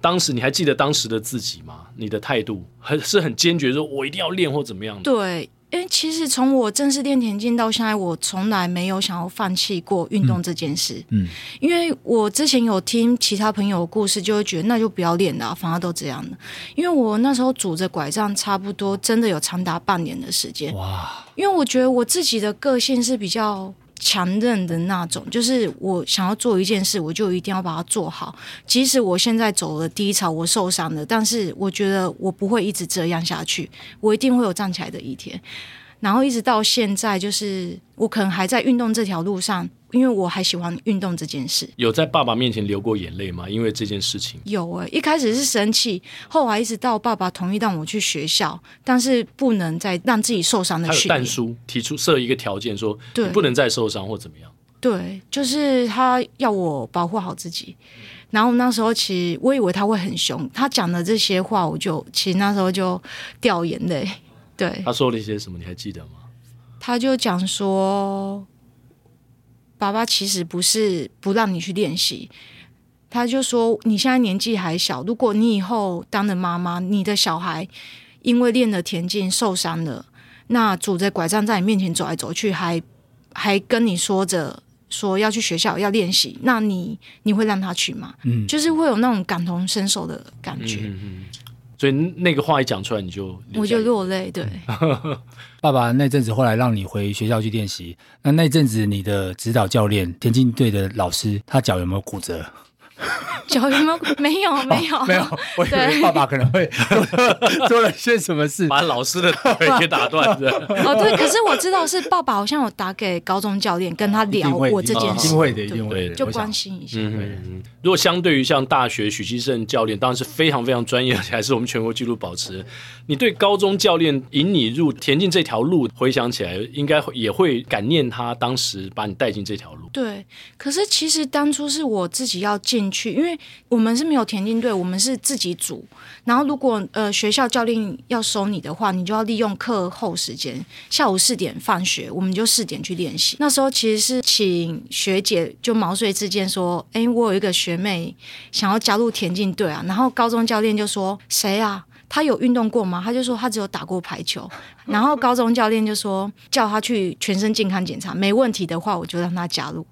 當時你還記得當時的自己嗎？你的態度很是很堅決，說我一定要練或怎麼樣的？對。哎，其實從我正式練田徑到現在，我從來沒有想要放棄過運動這件事。嗯嗯。因為我之前有聽其他朋友的故事，就會覺得那就不要練了，反而都這樣。因為我那時候拄着拐杖，差不多真的有長達半年的時間。哇！因為我覺得我自己的個性是比較。強韌的那種，就是我想要做一件事，我就一定要把它做好。即使我現在走了低潮，我受傷了，但是我覺得我不會一直這樣下去，我一定會有站起來的一天。然後一直到現在，就是我可能還在運動這條路上。因為我還喜歡運動這件事。有在爸爸面前流過眼淚嗎？因為這件事情有哎、欸，一開始是生氣，後來一直到爸爸同意讓我去學校，但是不能再讓自己受傷的事情。還有但書提出設一個條件說，說對你不能再受傷或怎麼樣。對，就是他要我保護好自己。嗯、然後那時候其實我以為他會很凶，他講的這些話，我就其實那時候就掉眼淚。對，他說了一些什麼，你還記得嗎？他就講說。爸爸其實不是不讓你去練習，他就說，你現在年紀還小，如果你以後當了媽媽，你的小孩因為練了田徑受傷了，那拄着拐杖在你面前走來走去，還還跟你說着說要去學校要練習，那你你會讓他去嗎？嗯，就是會有那種感同身受的感覺。嗯嗯嗯所以那個話一講出來，你就我就落淚。對， 爸爸那陣子後來讓你回學校去練習。那那陣子你的指導教練、田徑隊的老師，他腳有沒有骨折？ 有有沒有、 啊、沒有沒有沒爸爸可能會 做了些什麼事，把老師的腿給打斷的。哦、 啊，對，可是我知道是爸爸，好像有打給高中教練，跟他聊過這件事，一定會一定會，對對對，對，就關心一下。嗯嗯，如果相對於像大學許績勝教練，當然是非常非常專業，還是我們全國紀錄保持。你對高中教練引你入田徑這條路，回想起來，應該也會感念他當時把你帶進這條路。對，可是其實當初是我自己要進去，因為。因為我們是沒有田徑隊，我們是自己組。然後，如果呃學校教練要收你的話，你就要利用課後時間，下午四點放學，我們就四點去練習。那時候其實是請學姐就毛遂自薦說：“誒、欸，我有一個學妹想要加入田徑隊啊。”然後高中教練就說：“誰啊？她有運動過嗎？”他就說：“她只有打過排球。”然後高中教練就說：“叫她去全身健康檢查，沒問題的話，我就讓她加入。”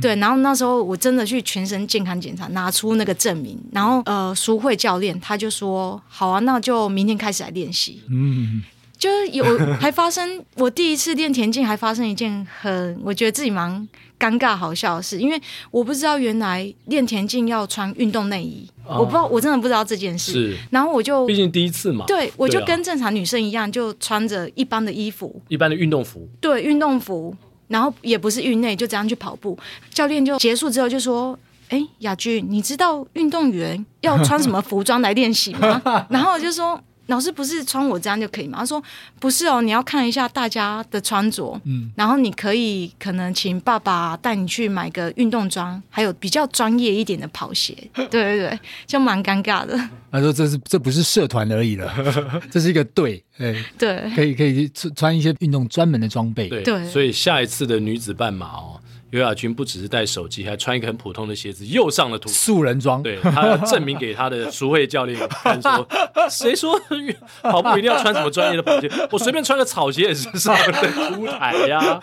對，然後那時候我真的去全身健康檢查，拿出那個證明，然後呃，淑慧教練他就說好啊，那就明天開始來練習。嗯，就是有 還發生我第一次練田徑，還發生一件很我覺得自己蠻尷尬好笑的事，因為我不知道原來練田徑要穿運動內衣，嗯、我不知道，我真的不知道這件事。是。然後我就畢竟第一次嘛，對，我就跟正常女生一樣，就穿着一般的衣服，啊、一般的運動服，對運動服。然後也不是域內，就這樣去跑步。教練就結束之後就說：“哎，雅君，你知道運動員要穿什麼服裝來練習嗎？” 然後我就說。老師不是穿我這樣就可以嗎？他說不是哦，你要看一下大家的穿着，嗯，然後你可以可能請爸爸帶你去買個運動裝，還有比較專業一點的跑鞋。對對對，就蠻尷尬的。他說這是這不是社團而已了， 這是一個隊，哎、欸，對，可以可以去穿穿一些運動專門的裝備。對，對對所以下一次的女子半馬哦。游雅君不只是帶手機，還穿一個很普通的鞋子，又上了圖。素人裝，對他要證明給他的淑慧教練看說， 誰說誰說跑步一定要穿什麼專業的跑鞋？ 我隨便穿個草鞋也是上舞出台呀、啊。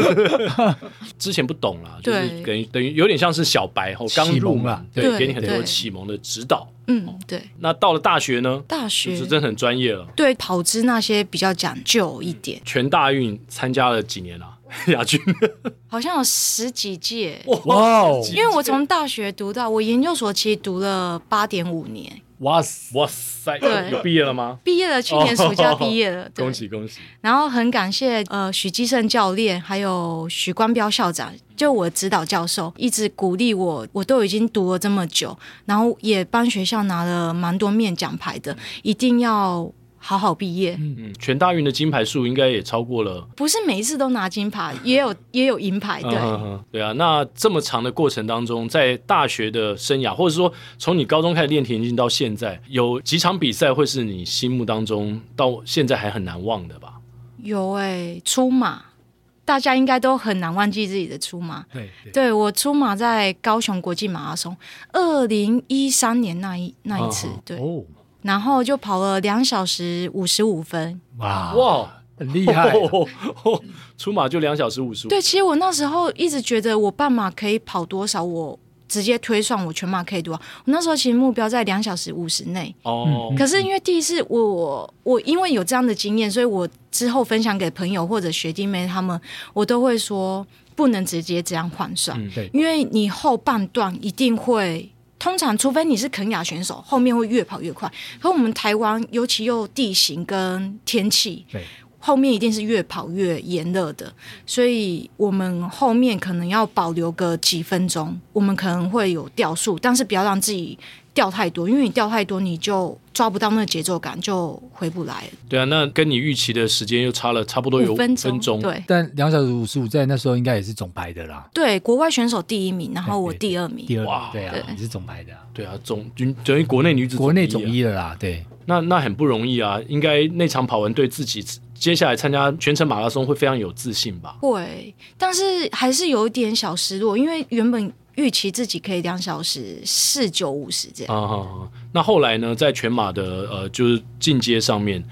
之前不懂啦，就是對等於等於有點像是小白後啟蒙吧、啊，對，給你很多啟蒙的指導。嗯，對。那到了大學呢？大學、就是真的很專業了。對，跑姿那些比較講究一點。全大運參加了幾年啦、啊亞軍 好像有十幾屆哇，wow, 因為我從大學讀到我研究所，其實讀了八點五年哇哇塞，對，畢業了嗎？畢業了，去年暑假畢業了，oh, 恭喜恭喜！然後很感謝呃許績勝教練還有許光彪校長，就我的指導教授一直鼓勵我，我都已經讀了這麼久，然後也幫學校拿了蠻多面獎牌的，一定要。好好畢業，嗯嗯，全大運的金牌數應該也超過了，不是每一次都拿金牌，呵呵也有也有銀牌，對、嗯嗯嗯、對啊。那這麼長的過程當中，在大學的生涯，或者說從你高中開始練田徑到現在，有幾場比賽會是你心目當中到現在還很難忘的吧？有哎、欸，初馬，大家應該都很難忘記自己的初馬，對對，對，我初馬在高雄國際馬拉松，二零一三年那一那一次，啊、對。哦然後就跑了兩小時五十五分哇，哇，很厲害啊！哦，哦，哦，出馬就兩小時五十五。對，其實我那時候一直覺得我半馬可以跑多少，我直接推算我全馬可以多少。我那時候其實目標在兩小時五十內。哦。可是因為第一次我，我我因為有這樣的經驗，所以我之後分享給朋友或者學弟妹他們，我都會說不能直接這樣換算，嗯，因為你後半段一定會。通常，除非你是肯亞選手，後面會越跑越快。可我們台灣，尤其又地形跟天氣。對後面一定是越跑越炎熱的，所以我們後面可能要保留個幾分鐘，我們可能會有掉速，但是不要讓自己掉太多，因為你掉太多你就抓不到那個節奏感，就回不來。對啊，那跟你預期的時間又差了差不多有五分鐘，對，但兩小時五十五，在那時候應該也是總排的啦。對，國外選手第一名，然後我第二名，第二名，哇，wow，對啊，你是總排的，啊，對啊，總軍等於國內女子、啊，國內總一了啦，對，那那很不容易啊，應該那場跑完對自己。接下來參加全程馬拉松會非常有自信吧？對，但是還是有一點小失落，因為原本預期自己可以兩小時四九五十這樣。哦、好好，那後來呢，在全馬的呃，就是進階上面。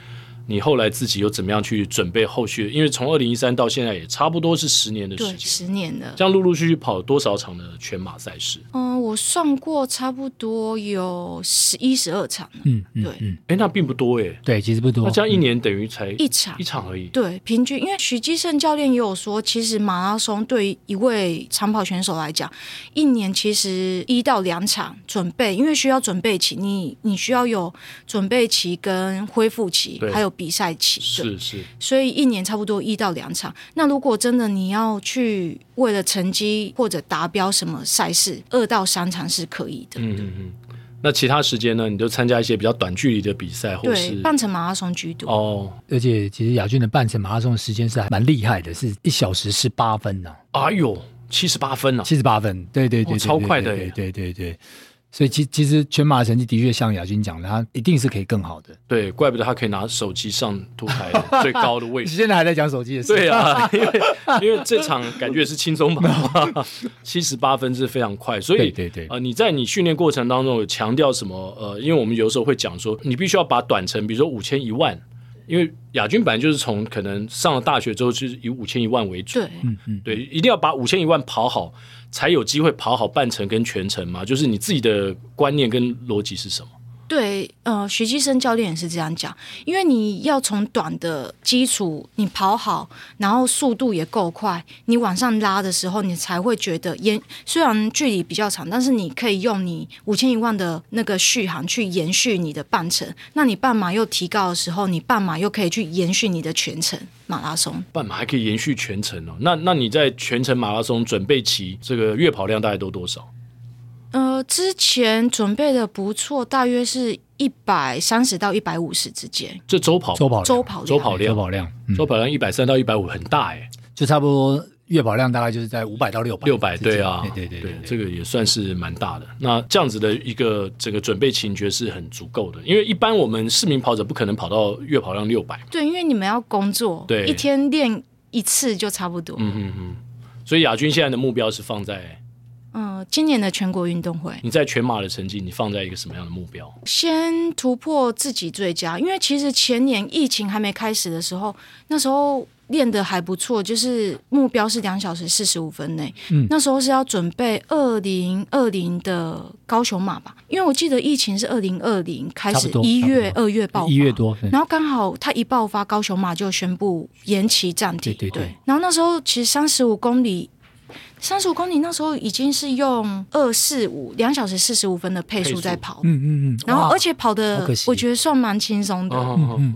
你後來自己又怎麼樣去準備後續？因為從二零一三到現在也差不多是十年的時間，對，十年的，這樣陸陸續續跑多少場的全馬賽事？嗯、呃，我算過，差不多有十一十二場。嗯，對，嗯，哎、嗯欸，那並不多、欸，哎，對，其實不多。那這樣一年等於才、嗯、一場，一場而已。對，平均，因為許績勝教練也有說，其實馬拉松對於一位長跑選手來講，一年其實一到兩場準備，因為需要準備期，你你需要有準備期跟恢復期，對還有。比賽期是是，所以一年差不多一到兩場。那如果真的你要去為了成績或者達標什麼賽事，二到三場是可以的。嗯嗯嗯，那其他時間呢？你就參加一些比較短距離的比賽，或是對半程馬拉松居多哦。而且其實亞軍的半程馬拉松時間是還蠻厲害的，是一小時十八分呢，啊。哎呦，七十八分呢？七十八分？對對對，對，對，對，對，哦，超快的。對對對，對。所以其，其其實全馬的成績的確像亞軍講的，他一定是可以更好的。對，怪不得他可以拿手機上凸台最高的位置。 你現在還在講手機的事？對啊，因為因為這場感覺是輕鬆跑。七十八分是非常快。所以對對，對，呃，你在你訓練過程當中有強調什麼？呃，因為我們有時候會講說，你必須要把短程，比如說五千一萬，因為亞軍本來就是從可能上了大學之後就是以五千一萬為主。嗯嗯，對，一定要把五千一萬跑好。才有機會跑好半程跟全程嘛？就是你自己的觀念跟邏輯是什麼？對，呃，許績勝教練也是這樣講，因為你要從短的基礎，你跑好，然後速度也夠快，你往上拉的時候，你才會覺得延。雖然距離比較長，但是你可以用你五千一萬的那個續航去延續你的半程。那你半馬又提高的時候，你半馬又可以去延續你的全程馬拉松。半馬還可以延續全程哦。那那你在全程馬拉松準備期這個月跑量大概都多少？呃，之前準備的不錯，大約是一百三十到一百五十之間。這周跑，周跑，周跑，周跑量，周跑量一百三到一百五，很大哎、欸。就差不多月跑量大概就是在五百到六百。六百、啊，對啊，對對對，這個也算是蠻大的。那這樣子的一個整個準備情緒是很足夠的，因為一般我們市民跑者不可能跑到月跑量六百。對，因為你們要工作，對，一天練一次就差不多。嗯嗯嗯。所以雅君現在的目標是放在。嗯、呃，今年的全國運動會，你在全馬的成績，你放在一個什麼樣的目標？先突破自己最佳，因為其實前年疫情還沒開始的時候，那時候練得還不錯，就是目標是兩小時四十五分內。嗯，那時候是要準備二零二零的高雄馬吧，因為我記得疫情是二零二零開始一，一月二月爆發，一月多、嗯。然後剛好它一爆發，高雄馬就宣布延期暫停。對對對。對，然後那時候其實三十五公里。三十五公里那時候已經是用二四五兩小時四十五分的配速在跑，嗯嗯嗯，然後而且跑的我覺得算蠻輕鬆的，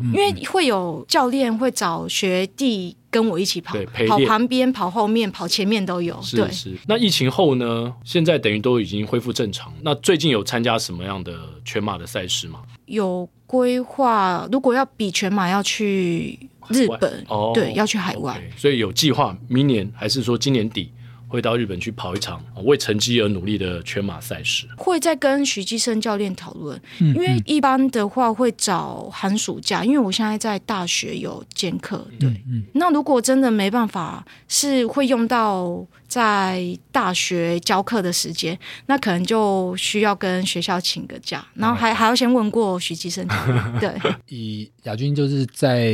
因為會有教練會找學弟跟我一起跑，對，陪練，跑旁邊、跑後面、跑前面都有。是對是是，那疫情後呢？現在等於都已經恢復正常。那最近有參加什麼樣的全馬的賽事嗎？有規劃，如果要比全馬，要去日本、哦，對，要去海外，哦 okay，所以有計劃，明年還是說今年底。會到日本去跑一場為成績而努力的全馬賽事，會再跟許績勝教練討論、嗯，因為一般的話會找寒暑假，嗯、因為我現在在大學有兼課，對，嗯，嗯，那如果真的沒辦法，是會用到在大學教課的時間，那可能就需要跟學校請個假，嗯、然後還還要先問過許績勝，對，嗯、 對，以亞軍就是在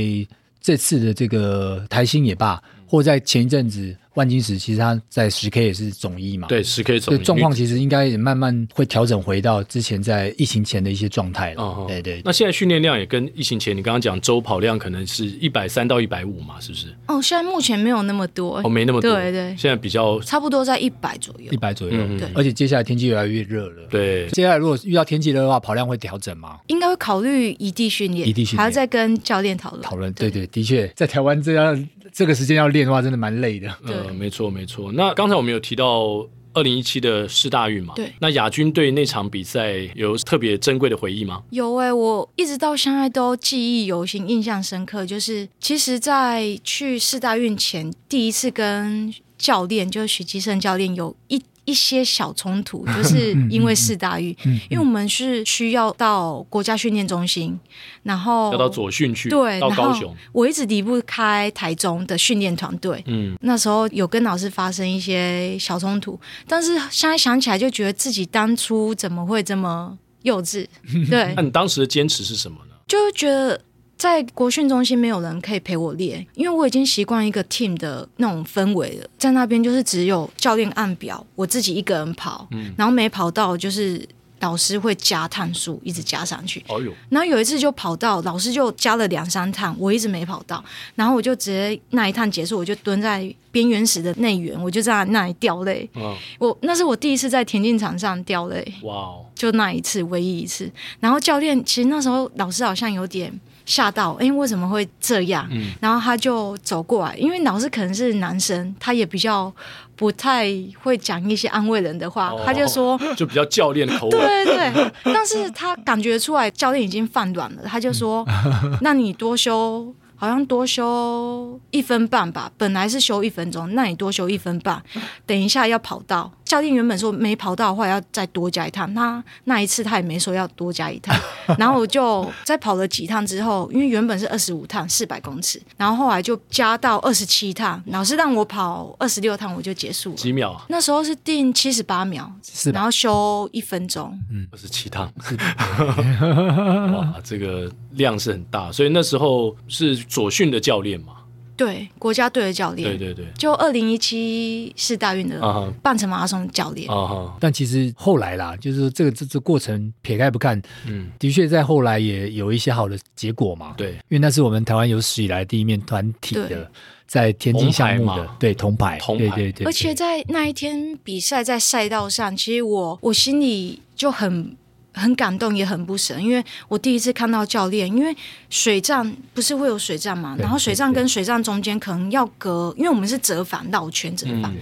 這次的這個台新也罷、嗯，或在前一陣子。萬金石，其實他在十 K 也是總一嘛，對十 K 總狀況其實應該也慢慢會調整回到之前在疫情前的一些狀態了。嗯、對，對對，那現在訓練量也跟疫情前你剛剛講週跑量可能是一百三到一百五嘛，是不是？哦，現在目前沒有那麼多，哦，沒那麼多，對對、對，現在比較差不多在一百左右，一百左右、嗯，對。而且接下來天氣越來越熱了，對。接下來如果遇到天氣熱的話，跑量會調整嗎？應該會考慮異地訓練，還要再跟教練討論討論。對對、對、對，的確在台灣這樣這個時間要練的話，真的蠻累的，對。嗯沒錯，沒錯。那剛才我們有提到二零一七的世大運嘛？對。那亞軍對那場比賽有特別珍貴的回憶嗎？有哎、欸，我一直到現在都記憶猶新，印象深刻。就是其實，在去世大運前，第一次跟教練，就是許績勝教練，有一一些小衝突，就是因為世大運， 因為我們是需要到國家訓練中心，然後要到左訓去，對，到高雄，我一直離不開台中的訓練團隊。嗯，那時候有跟老師發生一些小衝突，但是現在想起來，就覺得自己當初怎麼會這麼幼稚？對，那你當時的堅持是什麼呢？就覺得。在國訓中心沒有人可以陪我練，因為我已經習慣一個 team 的那種氛圍了。在那邊就是只有教練按表，我自己一個人跑，嗯、然後沒跑到就是老師會加趟數，一直加上去、哦。然後有一次就跑到，老師就加了兩三趟，我一直沒跑到，然後我就直接那一趟結束，我就蹲在邊緣石的內緣，我就在那裡掉淚。哦、我那是我第一次在田徑場上掉淚。哇、哦！就那一次，唯一一次。然後教練其實那時候老師好像有點。嚇到，哎、欸，為什麼會這樣、嗯？然後他就走過來，因為老師可能是男生，他也比較不太會講一些安慰人的話、哦，他就說，就比較教練的口吻。 對，對對，但是他感覺出來教練已經犯軟了，他就說：“嗯、 那你多休，好像多休一分半吧，本來是休一分鐘，那你多休一分半，等一下要跑到。”教練原本說沒跑到的話要再多加一趟，他那一次他也沒說要多加一趟， 然後我就在跑了幾趟之後，因為原本是二十五趟四百公尺，然後後來就加到二十七趟，老師讓我跑二十六趟我就結束了。幾秒啊？那時候是定七十八秒，然後休一分鐘。嗯，二十七趟， 哇，這個量是很大，所以那時候是左訓的教練嘛。對，國家隊的教練，對對對，就二零一七世大運的，uh -huh. 半程馬拉松的教練。Uh -huh. 但其實後來啦，就是這個這這個過程撇開不看，嗯，的確在後來也有一些好的結果嘛。對，對，因為那是我們台灣有史以來第一面團體的在田徑項目的對銅牌，銅牌，對，對對對。而且在那一天比賽在賽道上，其實我我心裡就很。很感動，也很不捨，因為我第一次看到教練。因為水站不是會有水站嘛？然後水站跟水站中間可能要隔，因為我們是折返繞圈折返，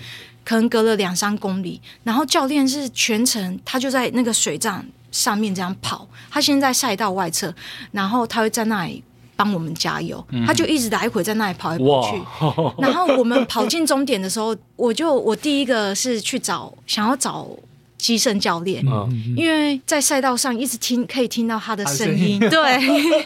可能隔了兩三公里、嗯。然後教練是全程，他就在那個水站上面這樣跑。他現在賽道外側，然後他會在那裡幫我們加油。嗯、他就一直來回在那裡跑來跑去。然後我們跑進終點的時候， 我就我第一個是去找，想要找。績勝教練、嗯，因為在賽道上一直聽可以聽到他的聲音，聲音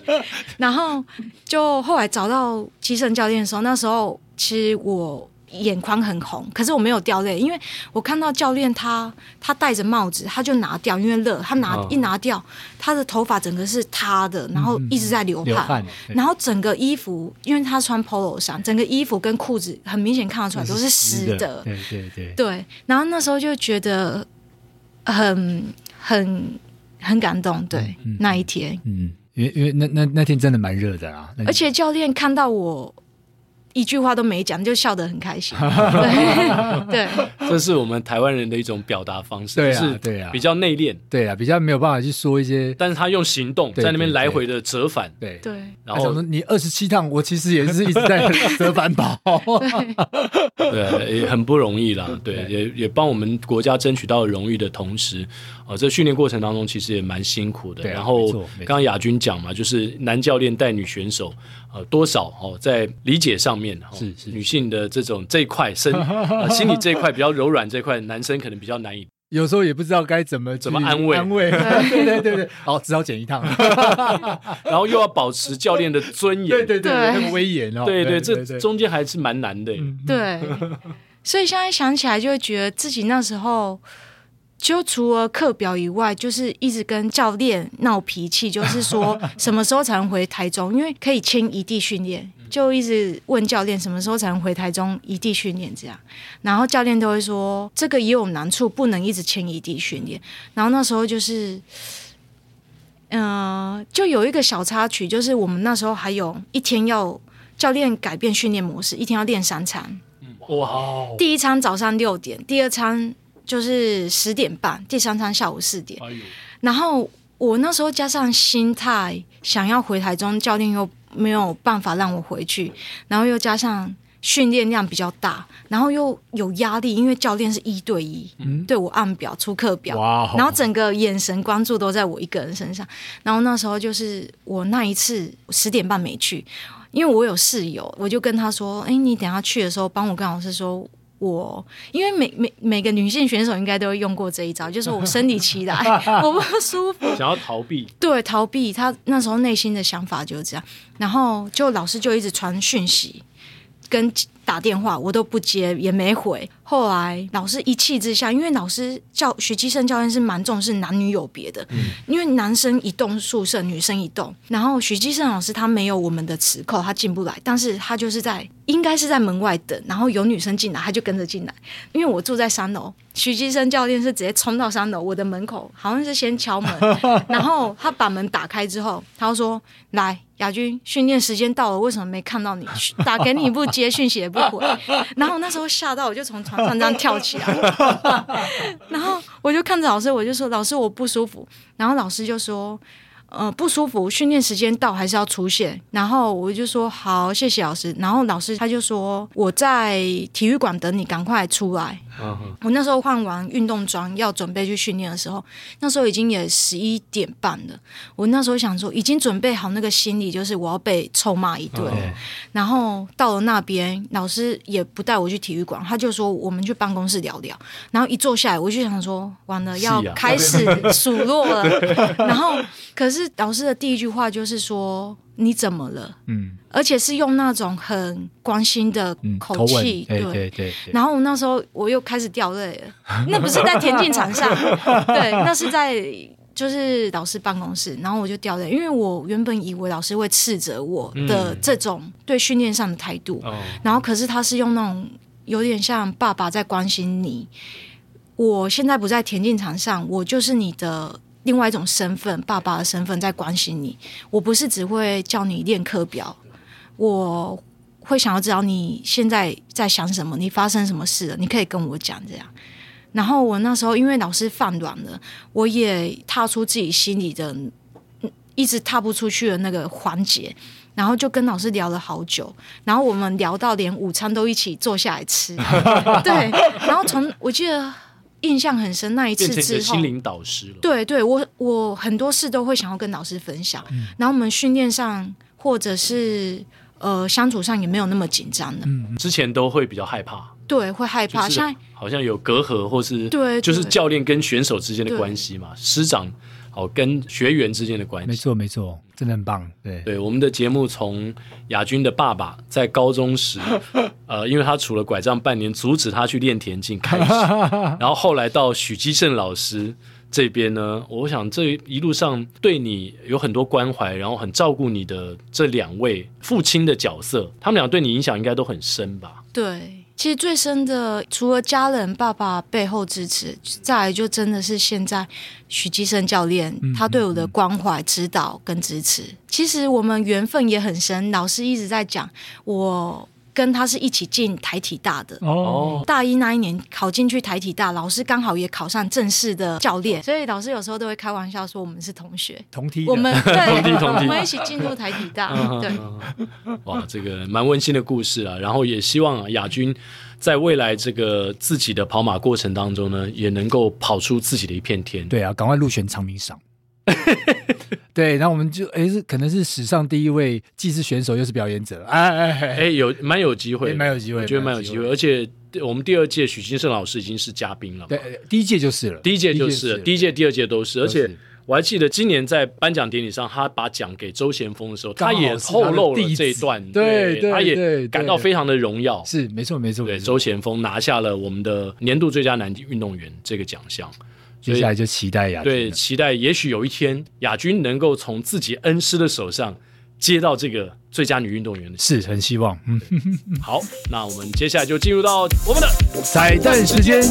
對。 然後就後來找到績勝教練的時候，那時候其實我眼眶很紅，可是我沒有掉淚，因為我看到教練他他戴着帽子，他就拿掉，因為熱，他拿一拿掉、嗯，他的頭髮整個是塌的，嗯、然後一直在流汗，流汗，然後整個衣服，因為他穿 Polo 衫，整個衣服跟褲子很明顯看得出來都是濕的，的，對對對，對。然後那時候就覺得。很很很感動，對、嗯、那一天，嗯，因、嗯、為因為那那那天真的蠻熱的啊，而且教練看到我。一句話都沒講，就笑得很開心。對對，這是我們台灣人的一種表達方式。對啊，就是、比較內斂，對、啊。對啊，比較沒有辦法去說一些，但是他用行動在那邊來回的折返。對對，對，對，對，然後想說你二十七趟，我其實也是一直在折返跑。對， 對，對、啊，也很不容易啦。對，也也幫我們國家爭取到了榮譽的同時。哦，這訓練過程當中其實也蠻辛苦的。然後剛剛雅君講嘛，就是男教練帶女選手，呃，多少哦，在理解上面哈、哦，女性的這種這一塊，身、 呃、心理這一塊比較柔軟這一塊，男生可能比較難以， 有時候也不知道該怎麼怎麼安慰，安慰， 對對對對，好、 哦、只好剪一趟、啊， 然後又要保持教練的尊嚴， 對，對，對對對，那麼威嚴哦，對對，對對，這中間還是蠻難的，對，所以現在想起來就會覺得自己那時候，就除了課表以外，就是一直跟教練鬧脾氣，就是說什麼時候才能回台中？ 因為可以簽異地訓練，就一直問教練什麼時候才能回台中異地訓練這樣。然後教練都會說這個也有難處，不能一直簽異地訓練。然後那時候就是，嗯、呃，就有一個小插曲，就是我們那時候還有一天要教練改變訓練模式，一天要練三餐。哇、wow.，第一餐早上六點，第二餐。就是十點半，第三餐下午四點。哎、然後我那時候加上心態想要回台中，教練又沒有辦法讓我回去，然後又加上訓練量比較大，然後又有壓力，因為教練是一對一、嗯、對我按表出課表、哦，然後整個眼神關注都在我一個人身上。然後那時候就是我那一次十點半沒去，因為我有室友，我就跟他說：“哎，你等下去的時候幫我跟老師說。”我因為每每每個女性選手應該都會用過這一招，就是我生理期來， 我不舒服，想要逃避，對，逃避。她那時候內心的想法就是這樣，然後就老師就一直傳訊息，跟。打電話我都不接，也沒回。後來老師一氣之下，因為老師教許績勝教練是蠻重視男女有別的，嗯，因為男生一棟宿舍，女生一棟。然後許績勝老師他沒有我們的磁扣，他進不來，但是他就是在應該是在門外等，然後有女生進來，他就跟着進來。因為我住在三樓，許績勝教練是直接衝到三樓我的門口，好像是先敲門，然後他把門打開之後， 他說：“來，雅君，訓練時間到了，為什麼沒看到你？打給你不接，訊息也不接。”不回，然後那時候嚇到，我就從床上這樣跳起來 ，然後我就看着老師，我就說：“老師，我不舒服。”然後老師就說：“呃，不舒服，訓練時間到，還是要出現。”然後我就說：“好，謝謝老師。”然後老師他就說：“我在體育館等你，趕快出來。”嗯、Uh-huh.，我那時候換完運動裝要準備去訓練的時候，那時候已經也十一點半了。我那時候想說，已經準備好那個心理，就是我要被臭罵一頓。Uh-huh. 然後到了那邊，老師也不帶我去體育館，他就說我們去辦公室聊聊。然後一坐下來，我就想說，完了，要開始數落了。啊、然後，可是老師的第一句話就是說。你怎麼了？嗯，而且是用那種很關心的口氣，嗯、對，對對對，對。然後那時候我又開始掉淚了。那不是在田徑場上， 對，那是在就是老師辦公室。然後我就掉淚，因為我原本以為老師會斥責我的這種對訓練上的態度。嗯、然後可是他是用那種有點像爸爸在關心你。我現在不在田徑場上，我就是你的。另外一種身份，爸爸的身份在關心你。我不是只會叫你練課表，我會想要知道你現在在想什麼，你發生什麼事了，你可以跟我講這樣。然後我那時候因為老師放軟了，我也踏出自己心裡的，一直踏不出去的那個環節，然後就跟老師聊了好久，然後我們聊到連午餐都一起坐下來吃。對，然後從我記得。印象很深，那一次之後，心靈導師了。對對，我我很多事都會想要跟老師分享，嗯、然後我們訓練上或者是呃相處上也沒有那麼緊張了。之前都會比較害怕，對，會害怕，現在，就是好像有隔閡或是對，就是教練跟選手之間的關係嘛，師長好跟學員之間的關係。沒錯，沒錯。真的很棒，對對，我們的節目從雅君的爸爸在高中時， 呃，因為他拄了拐杖半年，阻止他去練田徑開始， 然後後來到許績勝老師這邊呢，我想這一路上對你有很多關懷，然後很照顧你的這兩位父親的角色，他們倆對你影響應該都很深吧？對。其實最深的，除了家人、爸爸背後支持，再來就真的是現在許績勝教練他對我的關懷嗯嗯嗯、指導跟支持。其實我們緣分也很深，老師一直在講我，跟他是一起進台體大的，哦，大一那一年考進去台體大，老師剛好也考上正式的教練，所以老師有時候都會開玩笑說我們是同學，同梯，我們對同梯同梯，我們一起進入台體大， 對、啊啊啊啊，哇，這個蠻溫馨的故事啊，然後也希望啊雅君在未來這個自己的跑馬過程當中呢，也能夠跑出自己的一片天，對啊，趕快入選長名賞。 對，然後我們就哎、欸，是可能是史上第一位既是選手又是表演者，哎哎哎，欸、有蠻有機會，蠻、欸、有機會，覺得蠻有機會，有會。而且我們第二屆許績勝老師已經是嘉賓了，對，欸、第一屆就是了，第一屆就是，了，第一屆第，第，第二屆都是。而且我還記得今年在頒獎典禮上，他把獎給周賢峰的時候，他，他也透露了這一段對對對對，對，他也感到非常的榮耀，是沒錯沒錯。對，周賢峰拿下了我們的年度最佳男運動員這個獎項。接下來就期待雅君，對，期待也許有一天雅君能夠從自己恩師的手上接到這個最佳女運動員的，是很希望。嗯， 好，那我們接下來就進入到我們的彩蛋時間。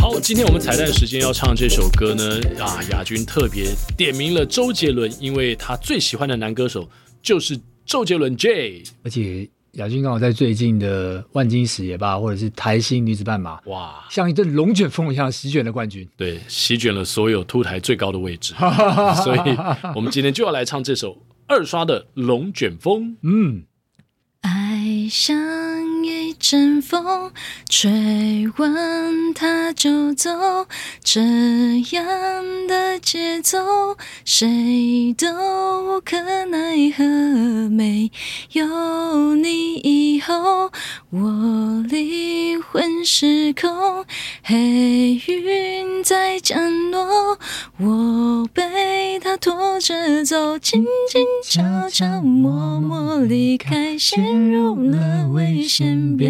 好，今天我們彩蛋時間要唱這首歌呢啊，雅君特別點名了周杰倫，因為他最喜歡的男歌手就是周杰倫 Jay。而且雅君剛好在最近的萬金石也罷，或者是台新女子半馬，哇，像一陣龍捲風一樣席捲了冠軍，對，席捲了所有凸台最高的位置，哈哈哈，所以，我們今天就要來唱這首二刷的龍捲風。嗯，愛上。陣風吹完，他就走，這樣的節奏誰都無可奈何。沒有你以後，我靈魂失控，黑雲在降落，我被他拖着走，靜靜、悄悄、默默離開，陷入了危險邊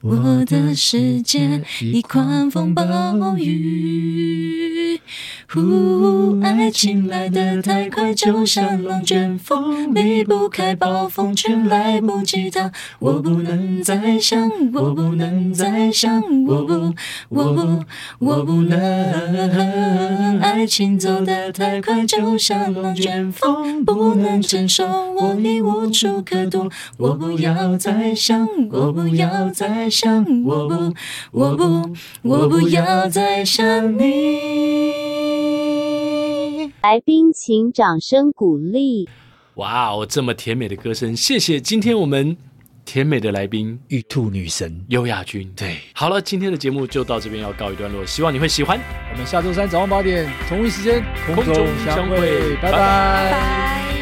我的世界已狂風暴雨，嗚，愛情來的太快，就像龍捲風，離不開暴風圈，來不及逃。我不能再想，我不能再想，我不，我不，我不能。愛情走的太快，就像龍捲風，不能承受我，我已無處可躲。我不要再想，我不要再。我我我不，我不，我不要再想你。來賓，請掌聲鼓勵。哇哦，這麼甜美的歌聲，謝謝今天我們甜美的來賓玉兔女神游雅君。對，好了，今天的節目就到這邊要告一段落，希望你會喜歡。我們下周三早上八點同一時間空中，空中相會，拜拜。拜拜。